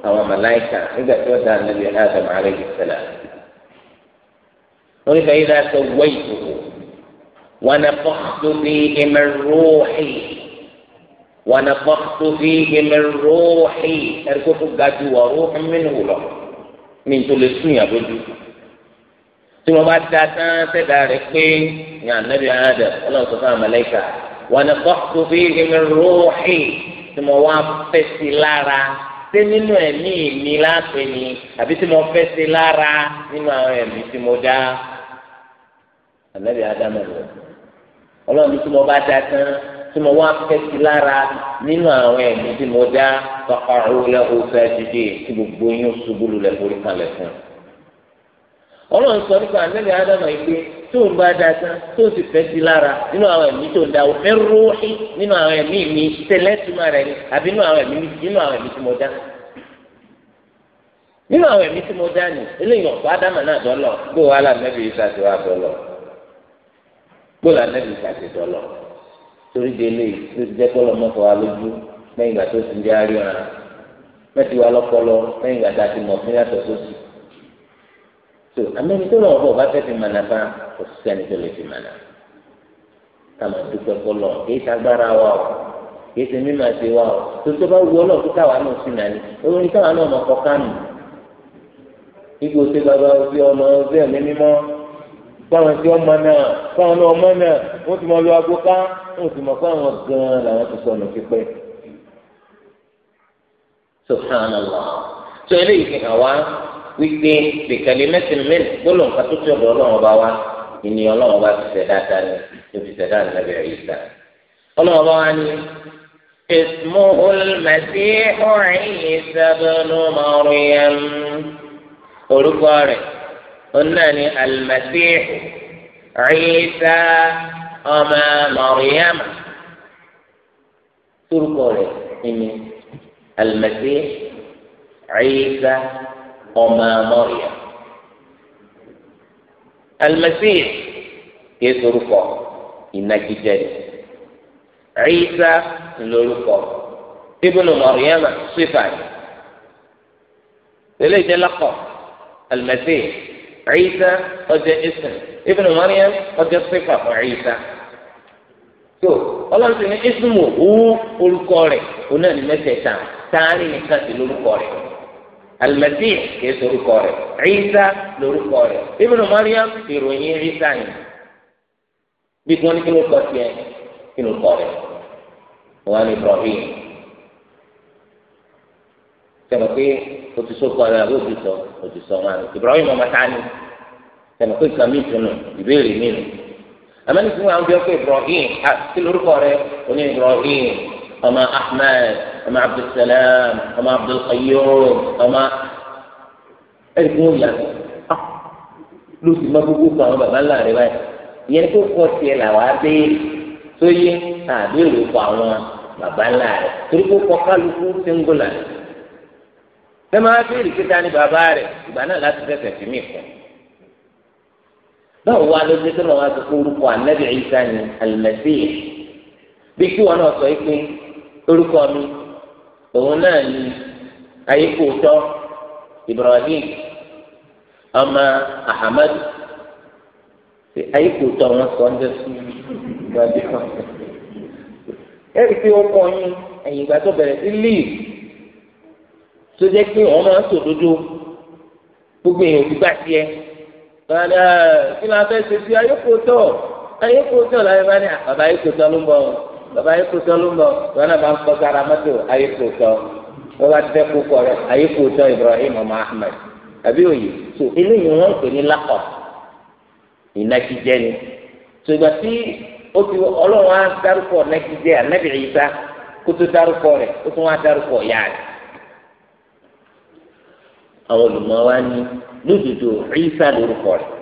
àwọn màláìkà nígbà tí wọ́n dá nàbí Ádámù alayhi salam wọ́n ní bẹ́ẹ̀ yìí náà sọ wẹ́yìí wọn náà fọ́ọ̀tù bíi ìmẹ̀rúwọ̀hìn. ونفخت فيه من روحي اركب قد وروح منه له من تلسني بدو. ثم بعد تدارك بين يا النبي آدم الله سبحانه ملائكة ونفخت فيه من روحي ثم وافت لارا ṣé nínú ẹ̀mí mi láàpẹ ni àbí tí mo fẹ́ ṣe lára nínú àwọn ẹ̀mí tí mo dá ànábì tí mo wá fẹ́ sí lára nínú àwọn ẹ̀mí tí mo dá tọkọ̀rọ̀ lẹ́hùn fẹ́ dídé tí gbogbo yín ṣubú lulẹ̀ forí kalẹ̀ fún un. ọlọ́run sọ nípa àlẹ́lẹ́ ádámà yìí pé tó ń bá da tán tó sì fẹ́ sí lára nínú àwọn ẹ̀mí tó ń da òfin rúwí nínú àwọn ẹ̀mí mi tẹ̀lẹ́tùmọ̀ rẹ̀ ni àbí nínú àwọn ẹ̀mí tí mo dá nínú àwọn ẹ̀mí tí mo dá ni eléyìí ọ̀pọ̀ torí délé tó ti jẹ́ kọ́lọ́ mọ́tò wa lójú lẹ́yìn ìgbà tó ti ń jẹ́ àríwá mẹ́tì wa lọ́pọlọ lẹ́yìn ìgbà tá a ti mọ̀ fún yàtọ̀ tó sì. tó amẹ́ni tó lọ́wọ́ bọ̀ bá fẹ́ fi mànà bá kò sẹ́ni tó lè fi mànà. kàmá dúpẹ́ kọ́lọ́ kìí sagbára wa o kìí ṣe mímọ̀ ṣe wa o tó tó bá wú ọlọ́ọ̀ tó náà sí nàní owó ní káwa náà mọ̀ kọ́ kánù. ipò ṣe báwọn ti ọmọ náà báwọn náà ọmọ náà wọ́n ti mọ lu aago ká wọ́n ti mọ fáwọn gan-an làwọn ti sọnù pípẹ́. subhanallah tó eléyìí fi hàn wá wípé bìkàlí mẹ́tìmẹ́n gbọ́dọ̀ nǹkan tó ti ọ̀dọ̀ ọlọ́run bá wá ènìyàn ọlọ́run bá ti ṣẹ̀dá dání tó fi ṣẹ̀dá nàbẹ̀ ẹ̀yíṣà ọlọ́run bá wá ní. اسمه المسيح عيسى بن مريم قلنا المسيح عيسى أما مريم تركوا إني المسيح عيسى أما مريم المسيح يترك إنك جري عيسى لولوكو ابن مريم صفة ليس لقب المسيح عيسى أجا اسم ابن مريم أجا صفة عيسى so ọlọ́run ti ní ismu hu orúkọ rẹ̀ òun náà ní mẹ́tẹ̀ẹ̀ta tààrí nìkan sí lórúkọ rẹ̀ alimẹ́tì kìí sọ orúkọ rẹ̀ ẹ̀yíṣà lórúkọ rẹ̀ ibùdó mariam ìròyìn ẹ̀yíṣà yìí bí wọ́n ní kí ló kọ́ tiẹ̀ kí ló kọ́ rẹ̀ wọ́n á ní ibrahim sọ̀rọ̀ pé o ti sọ kọ́ rẹ̀ àbí o ti sọ òtù sọ wọn àná Ibrahim ọmọ ta ni tẹnu pé nǹkan mi tunu ìbéèrè mi nù àmọ́ni fún wa ń bí ọ pé Ibrahim àti lórúkọ rẹ oní Ibrahim ọmọ Ahmed ọmọ Abdulsalam ọmọ Abdulqayyum ọmọ ẹni fún òyà ló ti má gbogbo kan àwọn baba ńlá rẹ báyìí ìyẹn ni kó kọ tiẹ̀ làwọn abéèrè tó yé àbéèrè fún àwọn baba ńlá rẹ torí kó kọ kálukú singular ẹ máa béèrè kíta ní bàbá rẹ ìgbà náà láti fẹsẹ̀ fi mí kù báwo wá ló dé tó lọ́wọ́ àti orúkọ ànábì Ìsá ni àlùmẹ́síyè bí kí wọn náà sọ pé orúkọ mi òun náà ni ayékòótọ́ Ibrahim ọmọ Ahamadu ayékòótọ́ wọn sọ ọdẹ sí ìgbà bí ẹ rí i yín ẹ̀yìn ìgbà tó bẹ̀rẹ̀ sí líìsì tó jẹ́ pé wọ́n máa ń sòdodo gbogbo èèyàn ti gbà tiẹ̀ bàbá ah, kí ló fẹ́ ṣe sí ayékòótọ́ ayékòótọ́ làwọn ẹ̀fọ́ ni ah, bàbá ayékòótọ́ ló ń bọ̀ bàbá ayékòótọ́ ló ń bọ̀ wọn náà máa ń kọ́ sára mọ́tò ayékòótọ́ wọn bá ti fẹ́ kó kọ́ rẹ ayékòótọ́ Ibrahim ọmọ Ahmed àbí òye tó eléyìí wọn pè ní lakọ ìnagijẹ ni ṣùgbọ́n tí ó ti ọlọ́run á dárúkọ ìnagijẹ ànábìrì yìí sá kó tó dárúkọ rẹ ó tún wá dárúkọ yára àwọn olùmọ̀ wa ní lódodo Ìsá lórúkọ rẹ̀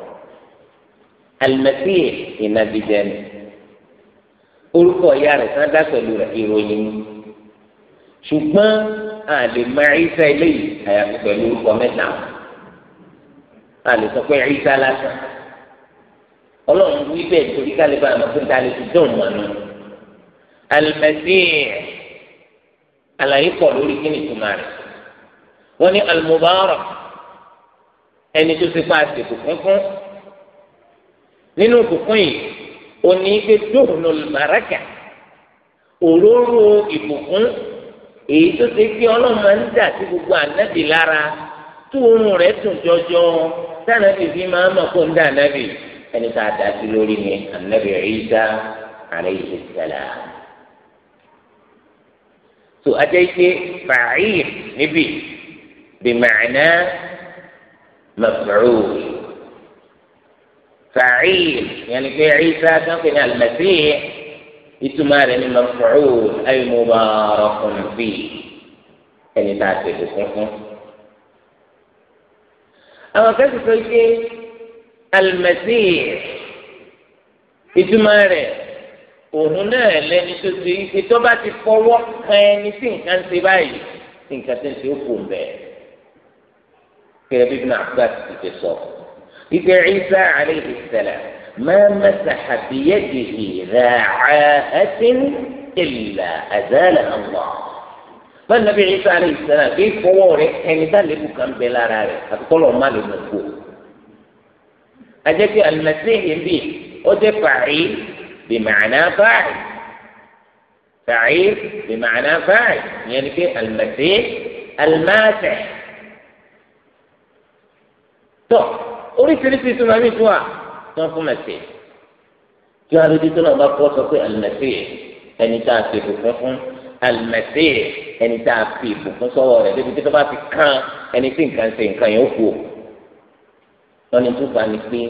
alimẹsíyè ìnagijẹ ni orúkọ ìyá rẹ̀ sáńdá pẹ̀lú rẹ̀ ìròyìn ni ṣùgbọ́n àlè máa Ìsá eléyìí àyàfi pẹ̀lú orúkọ mẹ́ta àlè sọ pé Ìsá lásán ọlọ́run wí bẹ́ẹ̀ torí kálíbà àmọ́ fún ta lè fi dùn mọ́ ni alimẹsíyè àlàyé pọ̀ lórí kí ni ìtumọ̀ rẹ̀ wọ́n ní al-mubarak ẹni tó ti pa àsìkò kúnkún nínú kúnkún yìí òní pé dóhùn olùbáraka òróró ìbùkún èyí tó ti pé ọlọ́mọ ń dà sí gbogbo ànábì lára tó oorun rẹ̀ tún jọjọ tànàbì fi máa mọ̀ kó ń dà ànábì ẹni tá a dá sí lórí ni ànábì Ìsá alayhi salam tó ajá ike fàáyì níbí. بمعنى مفعول فعيل يعني في عيسى كان المسيح يتمار مفعول أي مبارك فيه يعني تعتقد أما كيف تقول المسيح يتمار òun náà lẹni tó ti ife tó bá ti fọwọ́ kan ẹni tí nǹkan ti báyìí tí nǹkan ti ń ṣe ó كده ابن عباس في صوت إذا عيسى عليه السلام ما مسح بيده ذا عاهة إلا أزالها الله فالنبي عيسى عليه السلام في فوره يعني ده كم كان بلا راري هتطلعوا ما المسكوت أجاك المسيح به فعيل بمعنى فاعل فعيل بمعنى فاعل يعني المسيح الماسح tọ oríṣiríṣi ìtumọ̀ mi tún wà tí wọ́n fún mẹ̀sì kí wọ́n adójú tó náà bá kọ́ sọ pé àlùmẹ̀sì ẹni tá a fi ìbùkún fún àlùmẹ̀sì ẹni tá a fi ìbùkún sọ́wọ́ rẹ̀ débi tó bá ti kán ẹni tí nǹkan ṣe nǹkan yẹn ó kú wọ́n ní tó bá ní pé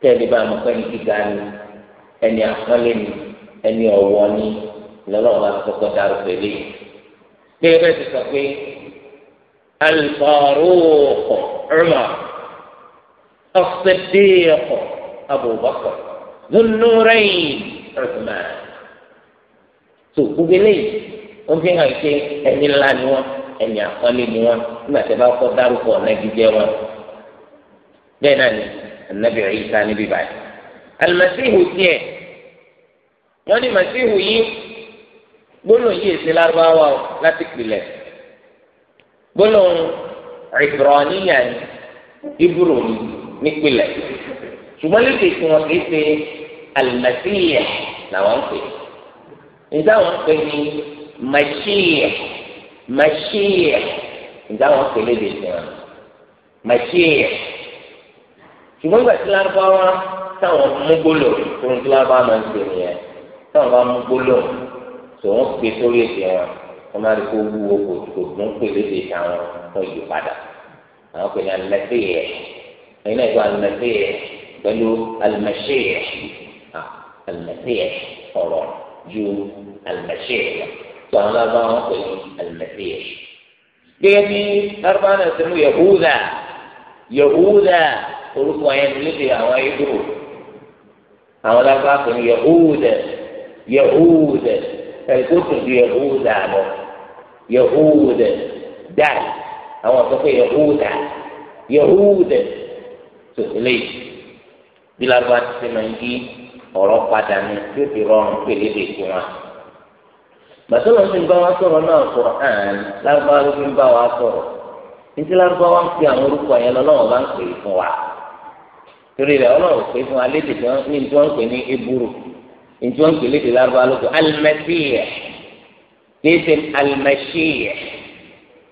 tẹ́lẹ̀ bá mọ̀ pé ẹni gíga ni ẹni àpọ́nlé ni ẹni ọ̀wọ́ ni lọ́lọ́run bá kọ́kọ́ dárúkọ eléyìí bí ẹgbẹ́ ti sọ pé alùpàrọ̀ ọ̀pọ̀ الصديق أبو بكر ذو النورين عثمان tó gbogbo eléyìí ó fi hàn pé ẹni ńlá ni wọn ẹni àkọlé ni wọn nígbà tí a bá kọ dárúkọ ọ̀nàgídé wọn bẹ́ẹ̀ náà ni ànábì Ìsá níbí báyìí alimasihu tiẹ̀ wọ́n ní masihu yìí gbólóhùn yìí èsì lárúbáwá o láti pilẹ̀ gbólóhùn ìbùrọ̀ níyàn ìbùrọ̀ níyàn nípìnlẹ̀ ṣùgbọ́n lédè tí wọ́n fi ṣe alimasiya làwọn ń pè níta wọ́n ń pè ní masiya masiya níta wọ́n ń pè lédè tí wọ́n masiya ṣùgbọ́n ìgbà tí lárúbáwá táwọn mú gbólò tó ń lárúbáwá máa ń pè nìyẹn táwọn bá mú tó ń pè sórí èdè wọn wọ́n máa ń kó wúwo kò tó ń pè lédè táwọn wọ́n yí padà àwọn pè ní alimasiya. أين هو المسيح بلو المسيح آه، المسيح أورو جو المسيح فهنا ضعف المسيح يعني أربعة اسمه يهوذا يهوذا قلت وين لدي أوايدو أو لا ضعف يهوذا يهوذا فالكتب يهوذا يهوذا دار أو صفي يهوذا يهوذا tó eléyìí bí lágbá ti ṣe máa ń yí ọ̀rọ̀ padà ní tí ó fi rọrùn pèlè lè fún wa. gbàtọ́lọ́ ti ń bá wa sọ̀rọ̀ náà kọ̀ àn lágbá ló fi ń bá wa sọ̀rọ̀ títí lágbá wa ń pe àwọn orúkọ yẹn lọ náà bá ń pè fún wa. torí rẹ̀ ọlọ́run pè fún wa lédè ní tí wọ́n ń pè ní ebúrò ní tí wọ́n ń pè lédè lágbá ló pè alimẹ́síyẹ̀ kìí ṣe alimẹ́síyẹ̀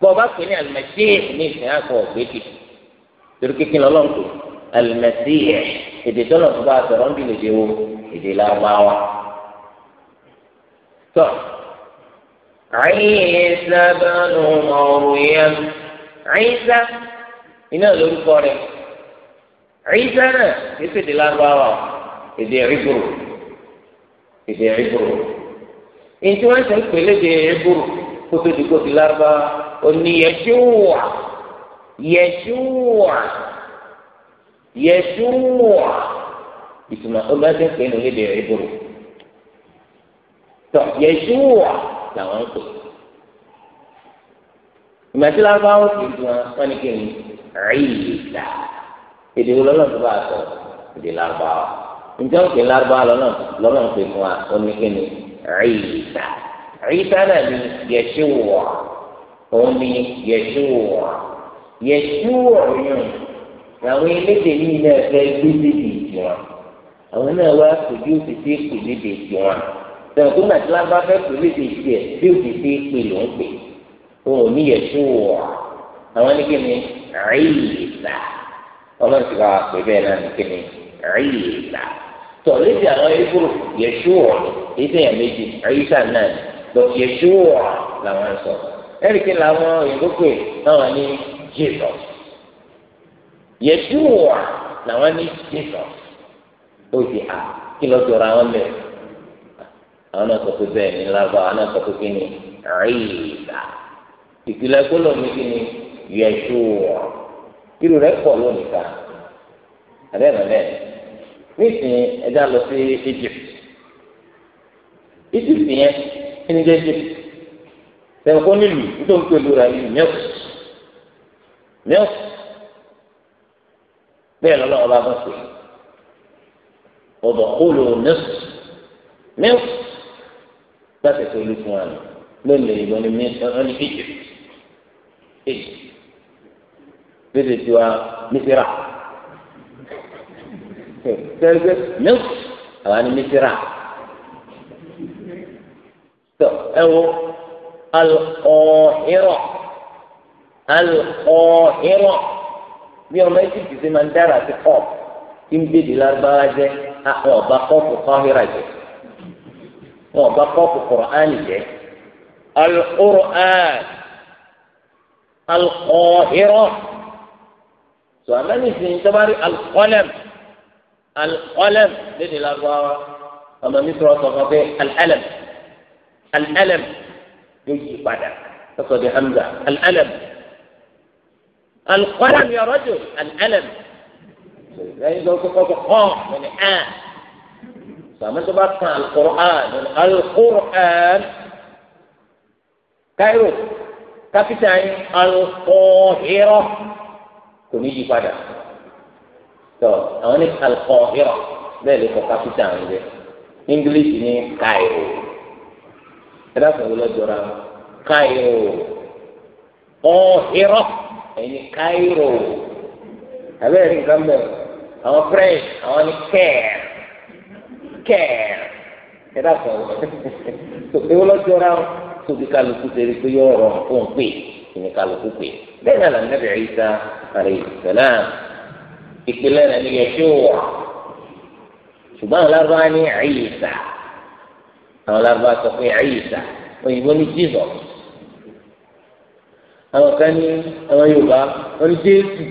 ọ bá pè ní alimẹ́síyẹ̀ ní ìsìn alimẹsíyẹ èdè tọ́lọ̀ tó bá sọ̀rọ̀ ń bí lè déwò èdè lárúbáwá. tọ́ àyíṣà bánú Maryam àyíṣà iná lórúkọ rẹ̀ àyíṣà náà èsì èdè lárúbáwá èdè ìbúrò èdè ìbúrò ètò wọn sọ pé lédè ìbúrò kótó dìgbò ti lárúbáwá oníyẹsùwà yẹsùwà yẹsùwà ìtumọ̀ ọlọ́dún pé ní lédè ìbúrò tọ yẹsùwà làwọn ń pè ìmọ̀tí lábáwọ̀ sì dùn wọn ni kí ni ẹ̀yìnlá èdè ọlọ́run tó bá sọ èdè lábáwọ̀ njẹ́ òkè lábáwọ̀ lọ́nà pé fún wa ó ní kí ni ẹ̀yìnlá náà ni yẹsùwà òun ni yẹsùwà yẹsùwà yẹn àwọn elédè yìí náà fẹ́ gbé lédè tiwọn àwọn náà wá pèlú òtítí pè lédè tiwọn tẹ̀wọ̀n tó nàá tí wọ́n bá fẹ́ pè lédè tiẹ̀ bí òtítí pè ló ń pè òun ò ní yẹ tó wọ̀ àwọn nígbè ní àìlèlà ọlọ́run ti bá wa pè bẹ́ẹ̀ náà nígbè ní àìlèlà tọ̀ lédè àwọn ebúrò yẹ tó wọ̀ ní ètò méjì àyíṣà náà lọ yẹ tó wọ̀ làwọn sọ ẹ̀ríkì làwọn òyìnbó pè náà ní Jesus yẹdùwà làwọn ní jesus ó di a kí lọ jọra wọn lẹ àwọn náà sọ pé bẹ́ẹ̀ ní lábọ àwọn náà sọ pé kí ni rìdà ìpìlẹ̀ gbọ́dọ̀ mi kí ni yẹdùwà irú rẹ̀ pọ̀ lónìí ká àbẹ́ẹ̀mẹ́lẹ́ nísìnyí ẹja lọ sí egypt egypt yẹn kí ni jẹ́ egypt tẹ̀wọ́n nílùú nítorí pẹ̀lú rẹ̀ nílùú mẹ́ọ̀sì mẹ́ọ̀sì bẹ́ẹ̀ lọ́lọ́ ọba bá pè ọ̀dọ̀ kúlò nẹ́sù nẹ́sù láti tó olú fún wa nù lónìí ìbọn ní mẹ́sàn-án ní egypt egypt lédè tiwa mísírà sẹ́gbẹ́ nẹ́sù àwọn ní mísírà tó ẹ wo alùpùpù ìrọ̀ alùpùpù ìrọ̀ bí ọmọ egypt ṣe máa ń dára sí cup tí ń gbèdè lágbára jẹ àwọn ọba kọ́ọ̀pù kọ́hìrà jẹ wọn ọba kọ́ọ̀pù kọ̀ọ̀án jẹ al-Qur'an al-Qahira tó àmẹ́ni sìn tó bá rí al-qalam al-qalam lágbára ọmọ mi sọ̀rọ̀ sọ̀rọ̀ pé al-alam yóò yí padà sọ̀rọ̀ di hamza al القلم يا رجل الألم لا لو كنت قام من آن فما تبقى القرآن القرآن كايرو كابتن القاهرة كونيجي فادا تو أنا القاهرة ذلك كابتن ذلك English ni Cairo ẹ̀dá sọ̀rọ̀ lọ́jọ́ra Cairo قاهرة ẹni Cairo abẹ́rẹ́ nǹkan mọ̀ àwọn French àwọn ní kẹ́ẹ̀r kẹ́ẹ̀r ẹ dàpọ̀ ewu lọ́jọ́ ra tóbi kálukú tẹ̀lé pé yọ ọ̀rọ̀ fún un pè ìní kálukú pè bẹ́ẹ̀ náà lànà bẹ̀rẹ̀ ìta àrẹ ìsẹ̀lá ìpìlẹ̀ rẹ̀ ni Yeshua ṣùgbọ́n àwọn lárúbáwá ní àyíṣà àwọn lárúbáwá sọ pé àyíṣà òyìnbó ní Jesus àwọn kan ní àwọn Yorùbá wọn ní Jésù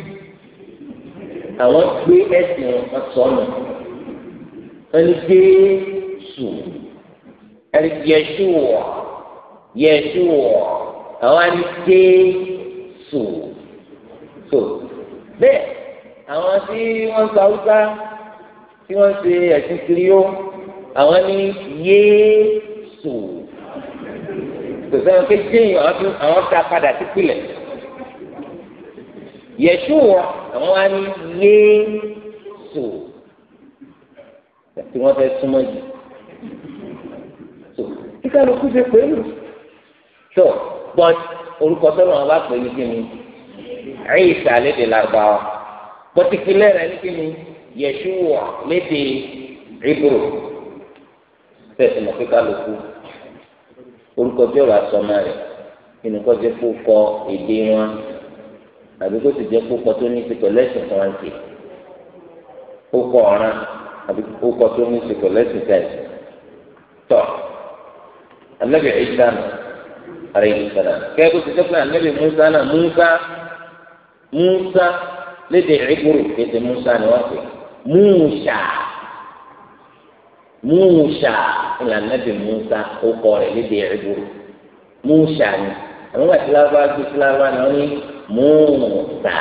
àwọn gbé ẹsìn wọn sọnù wọn ní Jésù ẹni Jésù wọ Jésù wọ àwọn á ní Jésù tó bẹ́ẹ̀ àwọn tí wọn sọ Haúsá tí wọn ṣe ẹsìn kiri ó àwọn ní Jésù sọ̀tẹ́ wọn pé jẹ́yìn àwọn ta padà sí pilẹ̀ yẹ̀sù wọn àwọn á ní yéésù tí wọ́n fẹ́ súnmọ́ yìí tó kíkà ló kú ṣe pẹ̀lú tó bọ́t orúkọ sọ́nà wọn bá pè ní kí ni ẹ̀yìnsà lédè làgbàwà bọ́tìkìlẹ̀ rẹ̀ ní kí ni yẹ̀sù wọn lédè ìbúrò tẹ̀sí mọ̀ kíkà ló kú orúkọ tí ọba sọmọ rẹ inú kọ jẹ kó kọ èdè wọn àbí kó sì jẹ kó kọ tó ní ti pẹ̀lú ẹsìn kan ti kó kọ ọ̀ràn àbí kó kọ tó ní ti pẹ̀lú ẹsìn kan ti tọ anabi ẹsán àrẹ ìsàlà kẹ kó sì jẹ pé anabi musa náà musa musa lédè ìgboro kéde musa ni wọn pè musa. Musa ìlànà bí Musa ó kọ rẹ̀ lédè ìbúrò Musa ni àwọn bàtí lábá gbé sílábà náà ní Musa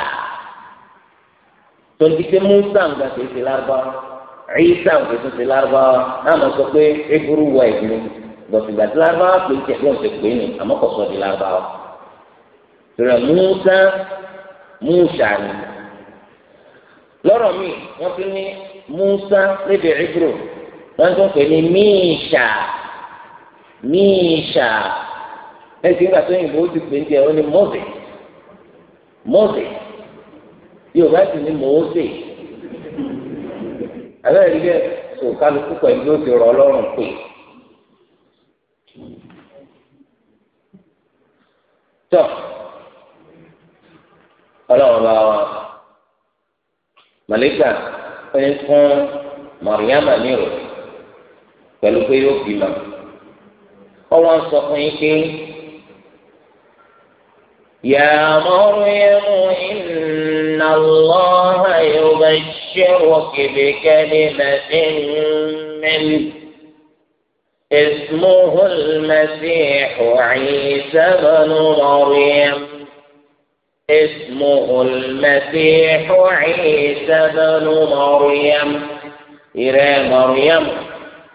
tonti pé Musa ń gbà tètè lábá Isa ń tètè tètè lábá náà lọ sọ pé ìbúrò wà ìbúrò gbọ̀sìgbà tí lábá pè tẹ̀ ló ń tẹ̀ pé ní àmọ́ di lábá o tẹ̀rẹ̀ Musa Musa ni lọ́rọ̀ mi wọ́n fi ní Musa lédè ìbúrò wọ́n tún pè ní míìṣà míìṣà ẹ̀sìn ìgbà tó yìnbó ti pè ní tiẹ̀ ó ní mọ́ọ̀sẹ̀ mọ́ọ̀sẹ̀ yorùbá sì ní mọ́ọ̀sẹ̀ abẹ́rẹ́ rí bẹ́ẹ̀ tó kálukú pẹ̀lú ó ti rọ ọlọ́run pè. tọ́ ọlọ́run bá wa màlíkà ń fún màríyàmà nírò. pẹ̀lú pé yóò lọ. ọwọ́ wá sọ fún yín pé yà á mọ̀rún yẹn mú iná lọ́hà yóò bá ṣe wọ kébé kébékẹ́lé lẹ́sìn mẹ́lì. اسمه المسيح عيسى بن مريم اسمه المسيح عيسى بن مريم إلى مريم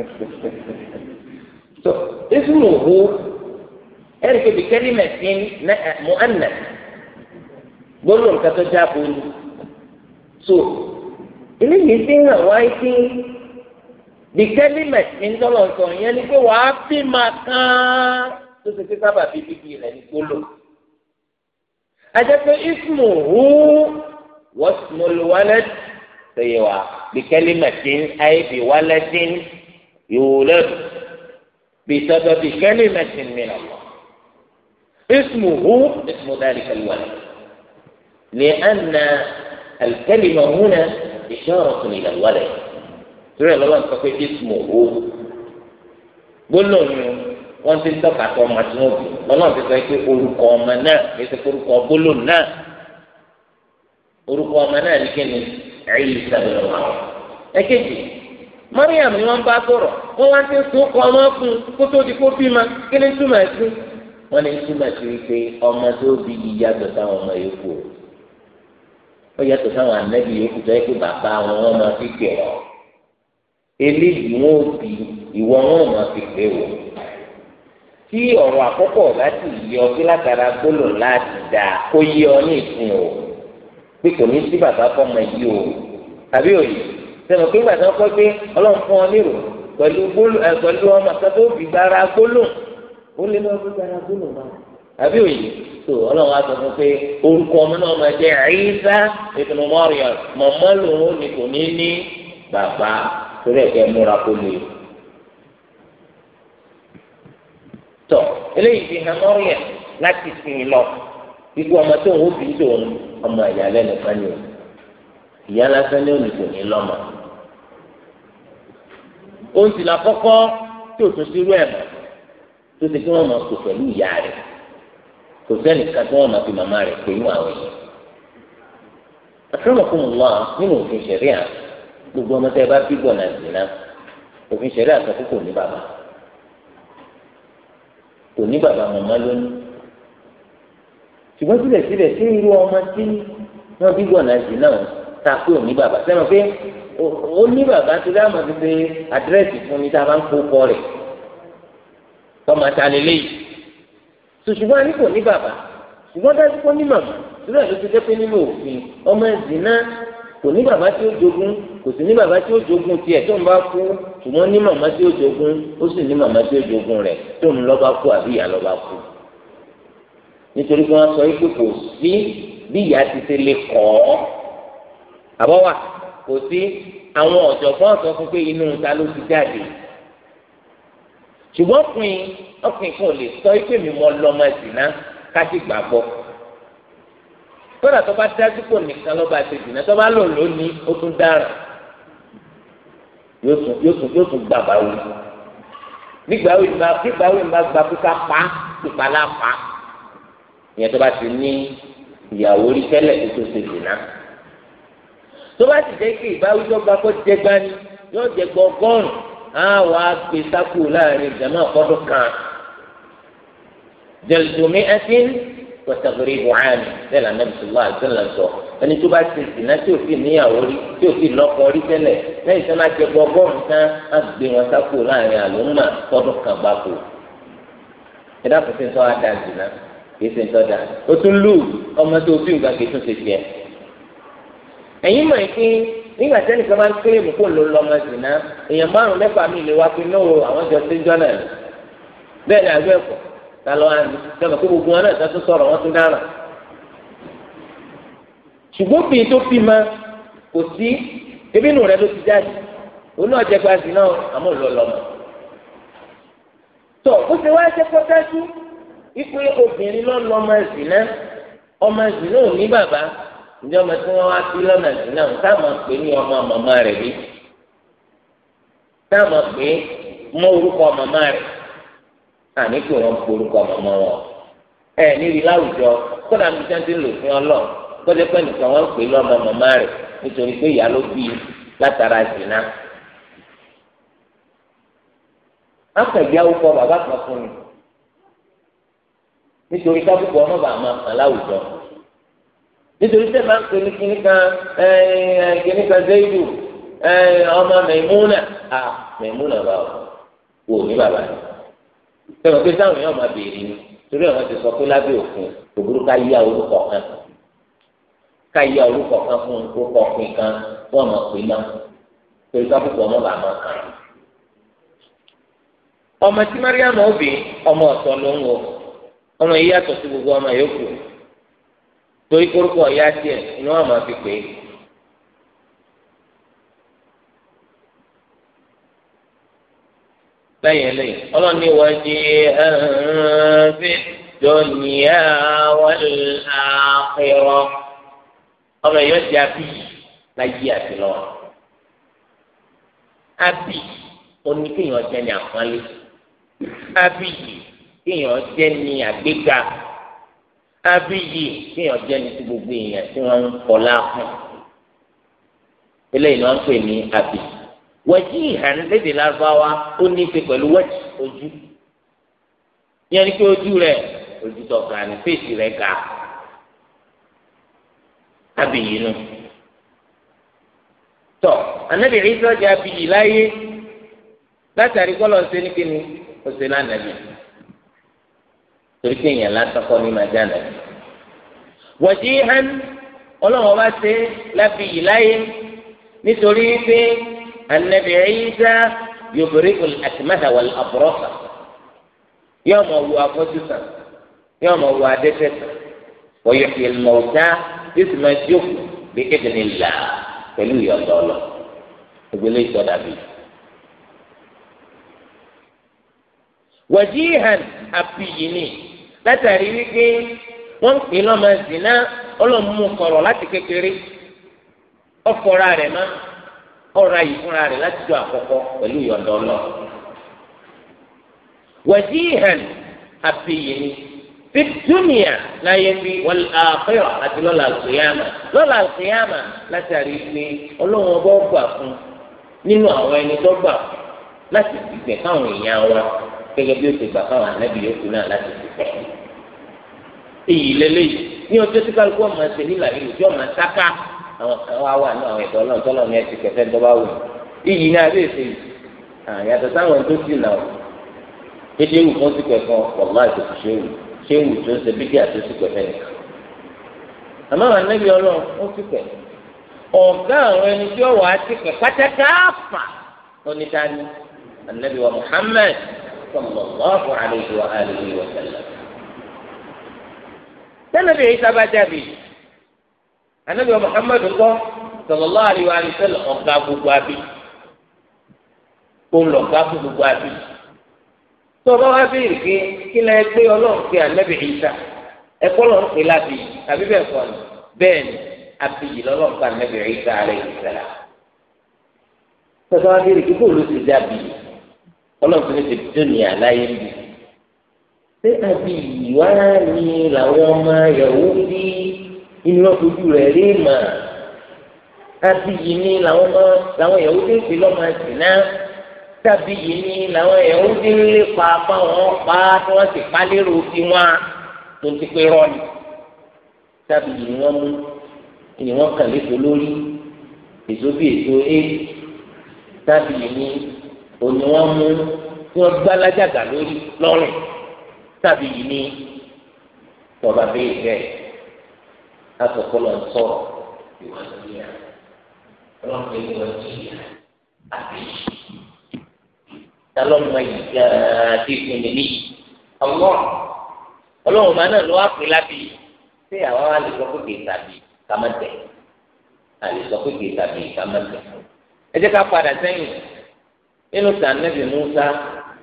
so ismuhu ẹ̀ríkì bi kalimatin mu'annas gbọ́dọ̀ nǹkan tó já bo ni so eléyìí ti ń hàn wáyé sí bi kalimatin tọ́lọ̀ sọ yẹn ni pé wàá bí màá kán tó ṣe pé sábà bí bíbí rẹ̀ ní gbólóhùn ajẹ́pẹ́ ismuhu wasmul walad ṣèyí wa bi kalimatin ay bi waladin. يولد بسبب كلمة من الله اسمه اسم ذلك الولد لأن الكلمة هنا إشارة إلى الولد سورة الله تقول اسمه قل له wọ́n ti ń tọ́ka tó ọmọ tí wọ́n bí ọlọ́run ti sọ pé orúkọ ọmọ náà kì í ṣe orúkọ gbólóhùn náà orúkọ ọmọ náà ní kí ni ẹ̀yìn ìṣàbẹ̀wò àwọn ẹ̀kejì Mariam ni wọ́n bá sọ̀rọ̀ wọ́n wá ti sún kọ́ ọmọ fún kó tó di kó bímọ kí ni túmọ̀ sí. wọ́n lè túmọ̀ sí wípé ọmọ tó bí yìí yàtọ̀ sáwọn ọmọ yòókù o ó yàtọ̀ sáwọn anẹ́bí yòókù tó yẹ kó bàbá wọn wọ́n máa fi pè ọ́ eléyìí wọn ò bí ìwọ wọn ò máa fi pè wò tí ọ̀rọ̀ àkọ́kọ́ láti yọ sí látara gbólò láti dà kó yẹ ọ ní ìsìn o pé kò ní sí bàbá fọmọ yìí o àbí òye sẹ́nu pé gbàdá kọ́ pé ọlọ́run fún ọ nírò pẹ̀lú gbólù ẹ̀ pẹ̀lú ọmọ kátó fi gbára gbólóhùn ó lé lọ́wọ́ fi gbára gbólóhùn náà àbí òye tó ọlọ́run á sọ fún pé orúkọ ọmọ náà máa jẹ́ àyíṣá ìtùnú mọ́ọ̀rìyà mọ̀mọ́ lòun ni kò ní ní bàbá torí ẹ̀kẹ́ múra kó lè. tọ eléyìí fi hàn mọ́ọ̀rìyà láti sìn lọ ikú ọmọ tó ń wó bí tòun ọmọ ìyàlẹ́nu kan ni ìyá lásán ni òní kò ní lọ́mọ òun sì là kọ́kọ́ tí ò tún sírú ẹ̀ mọ́ tó ti kí wọ́n máa sùn pẹ̀lú ìyá rẹ̀ kò sẹ́nìkan tí wọ́n máa fi màmá rẹ̀ pé wọ́n àwọn èèyàn. àtúrọ̀mọ̀kùn wà nínú òfin ṣẹ̀ríà gbogbo ọmọ tẹ́ bá bí gbọ̀n náà dìnnà òfin ṣẹ̀ríà sọ pé kò ní bàbá kò ní bàbá màmá lónìí. ṣùgbọ́n síbẹ̀síbẹ̀ sí irú ọmọ tí wọ́n bí gbọ̀n náà dìnnà ta pé òní bàbá sẹ́nu pé o ní bàbá tó dá àmọ́ pípé àdírẹ́sì fún mi tá a bá ń kó kọ rẹ̀ tọ́mọ ta lélẹ̀ yìí ṣùṣùgbọ́n a ní kò ní bàbá ṣùgbọ́n dájú kó ní màmá síbẹ̀ ló ti jẹ́ pé nínú òfin ọmọ ẹ̀sìn náà kò ní bàbá tí ó jogún kò sí ní bàbá tí ó jogún tiẹ̀ tó ń bá kú ṣùgbọ́n ní màmá tí ó jogún ó sì ní màmá tí ó jogún rẹ̀ tó ń lọ́ba kú àbí ìyá lọ́ba kú nítorí pé wọ́n sọ pé kò sí bí ìyá ti ṣe lè kọ́ ọ́ àbọ̀wà kò sí àwọn ọ̀jọ̀gbọ́n sọ fún pé inú ta ló ti jáde ṣùgbọ́n ọkùnrin ọkùnrin kan ò lè sọ pé mi mọ lọ́mọ ìdìnnà ká sì gbàgbọ́ kódà tó bá dájú pò nìkan lọ́ba ti dìnnà tó bá lò lónìí ó tún dára yóò tún yóò tún wù nígbà wo ìgbà nígbà wo ìgbà gba pípa pa ìpàlà pa ìyẹn tó bá ti ní ìyàwó rí tẹ́lẹ̀ tó tó ṣe dìnnà tó bá ti jẹ́ pé ìbáwí tó gba kó jẹ gbani yóò jẹ gbọgọ́rùn á wà á gbé sákò láàrin jama ọdún kan jẹlẹtùmí ẹtìn pẹtàkùrì buhari bẹ́ẹ̀ lànà bisimilá àdúrà sọ ẹni tó bá ti dìnnà tí òfin níyàwó rí tí òfin lọ́kọ rí tẹ́lẹ̀ lẹ́yìn tó máa jẹ gbọgọ́rùn tán á gbé wọn sákò láàrin àlùmọ ọdún kan gbáko ẹ dákun adá jìnnà kì í ṣe ń tún lù ọmọ tó bí nǹkan kì í tún ṣe tiẹ̀ ẹ̀yin mọ̀ pé nígbà tẹ́lẹ̀ kan máa ń kéré mú kó ló lọ́mọ sí náà èèyàn márùn mẹ́fà mi lè wá pé náà àwọn jọ sí jọ́nà rẹ̀ bẹ́ẹ̀ ni àgbẹ̀ ẹ̀kọ́ ta lọ́wọ́ àmì sọ̀rọ̀ pé gbogbo wọn náà tó tún sọ̀rọ̀ wọn tún dára ṣùgbọ́n bíi tó fi ma kò sí ebi nù rẹ ló ti jáde òun náà jẹ gba sí náà àmọ́ ló lọ́mọ tọ́ ó ṣe wá ṣe pọ́tájú ipe obìnrin lọ́ lọ́mọ ẹ̀sìn náà ọmọ ẹ̀sìn náà ò ní bàbá ǹjẹ́ ọmọ tí wọ́n wá bí lọ́nà sí náà tá a máa pè ní ọmọ màmá rẹ̀ bí tá a máa pè mọ orúkọ màmá rẹ̀ àní pé wọ́n po orúkọ màmá wọn ẹ níbi láwùjọ kódà mi jẹ́ ti lò fún ọlọ́ọ̀ kọ́jọ́ pé nìkan wọ́n pè lọ́mọ màmá rẹ̀ nítorí pé ìyá ló bí látara ìdìnnà. akẹgbẹ́wò kọ bàbá kan fún mi nítorí kábùkù ọmọ bàá máa kàn láwùjọ. nítorí pé máa ń pè ní kíní kan kíní kan zayidu ọmọ mẹmúnà à mẹmúnà báwo wò ní bàbá yìí sọ̀rọ̀ pé sáwọn èèyàn máa béèrè ni torí àwọn ti sọ pé lábẹ́ òfin òbúrú ká yá orúkọ kan ká yá orúkọ kan fún orúkọ kan wọ́n máa pè náà torí ọmọ ọmọ tí mariam ọmọ ló ń wọ ọmọ gbogbo ọmọ yòókù. torí kórúkọ ìyá tiẹ̀ inú wa máa fi pè é. lẹ́yìn eléyìí ọlọ́ni wájú ẹ̀ẹ́dẹ́ dọ́nìyà wàlàkìrọ̀ ọmọ yóò di abí láyé àti lọ́wọ́ abí oní kéèyàn ní àpọ́nlé abí kéèyàn jẹ́ ní àgbéga abiyi kéèyàn jẹ́ ní ti gbogbo èèyàn tí wọ́n ń kọlá fún eléyìí ni wọ́n ń pè ní abi wẹ́jì ìhàn lédè lárúbáwá ó ní í ṣe pẹ̀lú wẹ́jì ojú yẹn ni pé ojú rẹ̀ ojú tó ga ni fèsì rẹ̀ ga abiyi nù tọ anabi Isa jẹ́ abiyi láyé látàrí kọlọ ń ṣe ní kíni ó ṣe lánàá yìí torí pé èèyàn lásán kọ́ ní màjá nà bí. wọ̀jí hàn ọlọ́run bá ṣe láfi yìí láyé nítorí pé anabi Isa yòbèrè kò àtìmáta wà àbúrọ̀sà yóò mọ̀ wù afọ́jú sàn yóò mọ̀ wù adẹ́sẹ̀ sàn wọ́yọ̀ fi mọ̀ọ́tá yóò máa jókòó bí ẹ̀dínní là pẹ̀lú ìyọ̀dọ̀ ọlọ́ ìgbélé ìtọ́dà bíi. wọ̀jí hàn àbíyí ni. látàrí wípé wọ́n pè lọ́mọ zina ọlọ́mú kọ̀rọ̀ láti kékeré ọ̀fọ̀ra rẹ̀ má ọ̀ra yìí fúnra rẹ̀ láti jọ àkọ́kọ́ pẹ̀lú ìyọ̀dọ̀ lọ. wẹ̀dí hàn àbíyẹ̀ni fi dúnìyà láyé bí wọ́n àkọ́yọ̀ àti látàrí fún nínú àwọn ẹni tó láti káwọn bí ó ti gbà èyí lélẹ́yìí ní ọjọ́ tí kálukú ọmọ ẹsẹ̀ nílà yìí tí ọmọ sáká àwọn kan wá wà ní àwọn ẹ̀dọ́ náà tọ́lọ̀ ní ẹsẹ̀ kẹfẹ́ ńdọ́bà wò èyí ní abẹ́ ẹsẹ̀ yìí àyàtọ̀ sáwọn tó ti nà ó kéde wù fún sí kẹfẹ́ ọ̀gbọ́n àti ṣéwù ṣéwù tó ṣe bídí àti sí kẹfẹ́ nìkan àmọ́ àwọn anábì ọlọ́run ó sì pẹ̀ ọ̀gá àwọn ẹni tí ọ̀wọ́ àti pẹ̀ pátákáfà onídàáni anábì wa Muhammad صلى الله عليه وآله وسلم النبي عيسى باتابي النبي محمد الله صلى الله عليه وسلم أقابو بابي قوم له أقابو بابي tọ́lọ́ bi. béèrè kí ànábì láti àbí ni ni ànábì kó ọlọ́run ní ti dúnìá láyé bi ṣé àbí ìwá ni làwọn ọmọ yahoo bí inú ọ̀fojú rẹ̀ rí mà àbí yìí ni làwọn ọmọ làwọn yahoo bí pé lọ́mọ àtìná tàbí yìí ni làwọn yahoo bí lépa báwọn pa tí wọ́n sì pa lérò fi wọn tó ti pé rọ́ọ̀lì tàbí yìí ni wọ́n mú ni wọ́n kàn lẹ́kọ̀ọ́ lórí èso bí èso é tàbí yìí ni òní wọn mú tí wọn gbá lájàgà lórí lọ́rùn tàbí yìí ní tọba bẹ́ẹ̀ bẹ́ẹ̀ lásìkò lọ sọ̀rọ̀ ìwà nìyà ọlọ́pàá ìwà nìyà àbí talọmọ yìí gàá ti fún mi níyì ọwọ́ Ọlọ́run máa náà ló wá pè lábì ṣé àwa wá lè tàbí ká má tàbí ká ẹ jẹ́ ká padà sẹ́yìn. nínú ta nẹ́bí Musa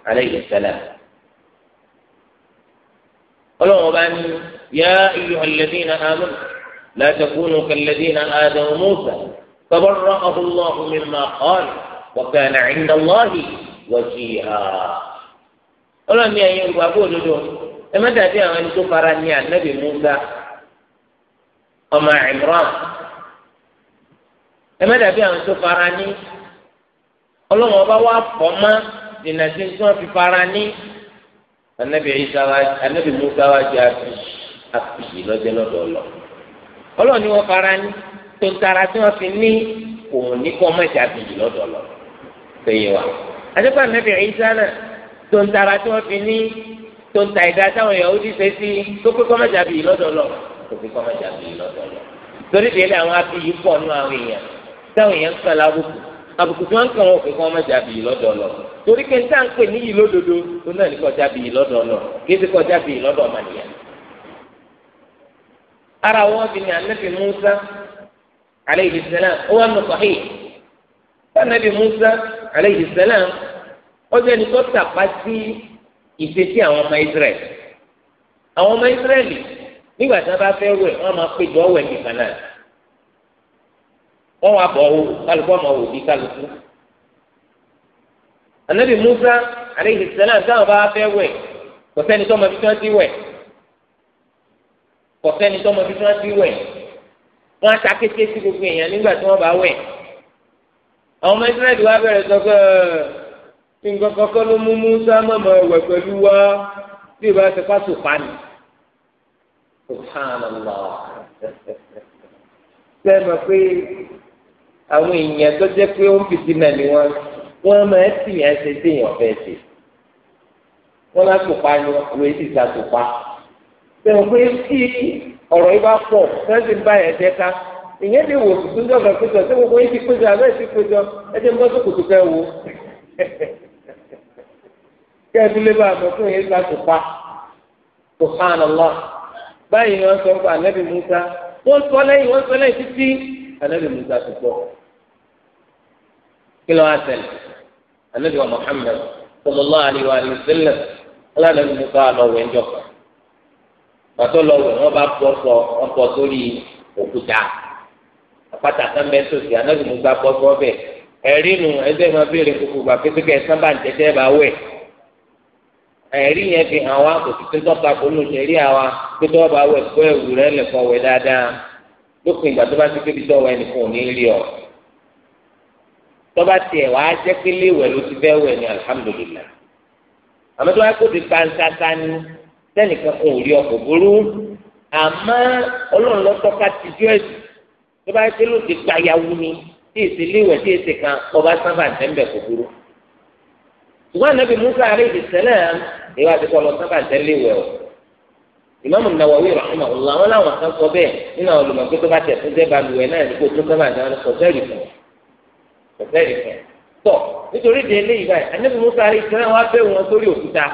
alayhi salam ọlọ́run bá ní yá iyọ̀ alladhina amanu la takunu kalladhina adamu Musa fabarra'ahu Allahu mimma qala wa kana 'inda Allahi wajiha ọlọ́run ní ẹ̀yin olùgbà bó dodo ẹ má dàbí àwọn ẹni tó fara ní ànábì Musa ọmọ Imran ẹ má dàbí àwọn tó fara ní. ọlọ́run ọba wa pọ̀ mọ́ dènà tí wọ́n fi fara ní anabi musa wa jẹ afi afi lọ́dọ̀ lọ ọlọ́run ni wọ́n fara ní tó ń tara tí wọ́n fi ní òun ní kọ́ mọ́ ẹ̀sẹ̀ afi lọ́dọ̀ lọ péye wa àdébà anabi isa náà tó ń tara tí wọ́n fi ní tó ń ta ìdá táwọn Yahudi ṣe sí tó pé kọ́ mọ́ ẹ̀sẹ̀ afi lọ́dọ̀ lọ tó pé kọ́ mọ́ ẹ̀sẹ̀ afi lọ́dọ̀ lọ torí tẹ́lẹ̀ àwọn afi yìí pọ̀ nínú àwọn èèyàn táwọn èèyàn àbùkù tí wọ́n ń kàn wọ́n pé kí wọ́n má jábì yìí lọ́dọ̀ lọ torí pé níta ń pè ní yìí lódodo tó náà ní kọjá bì yìí lọ́dọ̀ lọ kéde kọjá bì yìí lọ́dọ̀ ọmọnìyàn. ara wọn fi ní anabi musa aleyhi salam ó wà nù sọ́hí anabi musa aleyhi salam ó jẹ́ nípa tàpá sí ìfésì àwọn ọmọ israẹli àwọn ọmọ israẹli nígbà tí wọ́n bá fẹ́ wẹ̀ wọ́n máa péjọ wẹ̀ nìkan náà wọn wà bọ̀ wò kálukú ọmọ wò bí kálukú. anabi musa aleyhi salam táwọn bá fẹ́ wẹ̀ kò sẹ́ni tó ma fi tí wọ́n ti wẹ̀ kò sẹ́ni tó ma fi tí wọ́n ti wẹ̀ wọ́n ata kété sí gbogbo èèyàn nígbà tí wọ́n bá wẹ̀. àwọn ọmọ israẹli wa bẹ̀rẹ̀ sọ pé nǹkan kankan ló mú musa mọ̀mọ́ wẹ̀ pẹ̀lú wa bí ìbá ṣe pàṣẹ pani. subhanallah sẹ́ẹ̀ mọ̀ pé àwọn èèyàn tó jẹ́ pé ó ń fìdí náà ni wọ́n wọ́n máa ń tì yẹn ṣe déèyàn fẹ́ ṣe wọ́n lásùpá ni wọ́n sì sàtùpá sẹ́wọ̀n pé tí ọ̀rọ̀ yìí bá pọ̀ sẹ́ńtì bá yẹn jẹ́ ká ìyẹn lè wò tuntun ní ọ̀gá péjọ sẹ́wọ̀n gbogbo yìí ti péjọ abẹ́ ti péjọ ẹjẹ́ ń bọ́ sókòtò fẹ́ wo kẹ́ẹ̀dú lé bá àmọ́ fún yẹn sàtùpá subhanallah báyìí ni wọ́n sọ fún anabi musa wọ́n sọ lẹ́yìn wọ́n sọ lẹ́yìn títí anabi musa ti pọ̀ kí ló wá ṣẹlẹ̀ anabi wa muhammed sallallahu alayhi wa sallam alanabi musa lọwẹ ńjọ kan pàtó lọwẹ wọn bá bọ sọ wọn bọ sórí òkúta àpáta kan bẹ sòsì anabi musa bọ sọ bẹ ẹrí nu ẹsẹ máa béèrè kókó gbà pé pé ẹsán bá ń tẹsẹ bá fi hàn wá kò sì tún tọ́ka kó nù sẹ́rí àwa pé tó bá wẹ kó ẹwù rẹ lẹ̀kọ́ wẹ dáadáa lópin ìgbà ti kébi tó nìkan ò rí ọ tọ́ba tiẹ̀ wàá jẹ́ pé léwẹ̀ ló ti fẹ́ wẹ̀ ni alihamudulilayi àmọ́ tó wáá kó di pansata ni sẹ́nìkan kan ò rí ọkọ̀ burú àmọ́ ọlọ́run lọ́tọ́ka ti jọ ẹ̀sìn tọ́ba yẹ pé ló ti gbayawu ni tí èsì léwẹ̀ tí èsì kan ọba sábà tẹ́ńbẹ̀ kò burú ṣùgbọ́n anabi musa aleyhi sẹlẹm ìwà àti kọlọ sábà tẹ́léwẹ̀ o ìmáàmù Nawawi rahimahullah wọn làwọn kan sọ bẹ́ẹ̀ nínú àwọn olùmọ̀ pé tó bá tẹ̀ fún dẹ́ba náà ní kó tó sábà tẹ́wọ́n pẹ̀lẹ́ ìfẹ́ tọ̀ nítorí di eléyìí báyìí anábì musa àrí ìṣẹ́lẹ̀ wọn abẹ́ wọn sórí òkúta.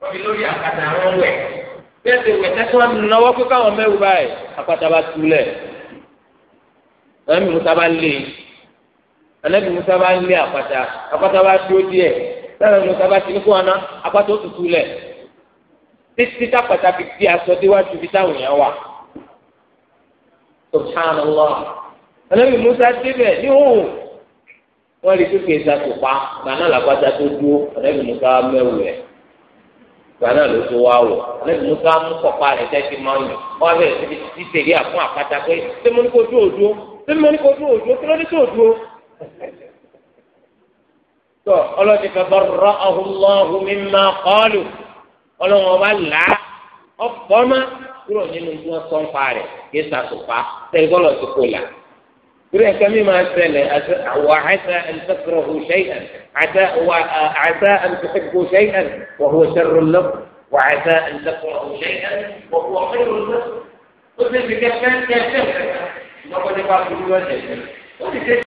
wọ́n fi lórí àpáta àwọn wẹ̀ bẹ́ẹ̀ ti wẹ̀ tẹ́tí wọn náwó pé káwọn mẹ́rù báyìí àpáta bá túlẹ̀ anábì musa bá lé anábì musa bá lé àpáta àpáta bá dúró díẹ̀ sábà musa bá ti ní kó wọn ná àpáta ó tutù lẹ̀ títí tápàtà fi di aṣọ déwájú bí táwọn èèyàn wà. subhanallah anábì musa débẹ̀ ní òun wọ́n rí kékeré sàtùpá gbaná làgbàtà tó dúró ọ̀rẹ́bì musa mẹ́wù rẹ̀ gbaná ló tó wá wọ̀ ọ̀rẹ́bì musa mú kọ̀pá rẹ̀ tẹ́tí máa ń yàn wọ́n bẹ̀rẹ̀ síbi títí tèrí àfún àpáta pé sẹ́mi kò dúró dúró sẹ́mi kò dúró dúró kí ló dé tó dúró. tọ́ ọlọ́dẹ fẹ́ bá rọ ọ̀húnlọ́hún mi máa kọ́ọ̀lù ọlọ́run ọba là á ọ̀pọ̀ má kúrò nínú تري كمي ما سنة وعسى أن تكرهوا شيئا عسى وعسى أن تحبوا شيئا وهو شر اللفظ وعسى أن تكرهوا شيئا وهو خير اللفظ قلت لك كان كافر لقد قال كل شيء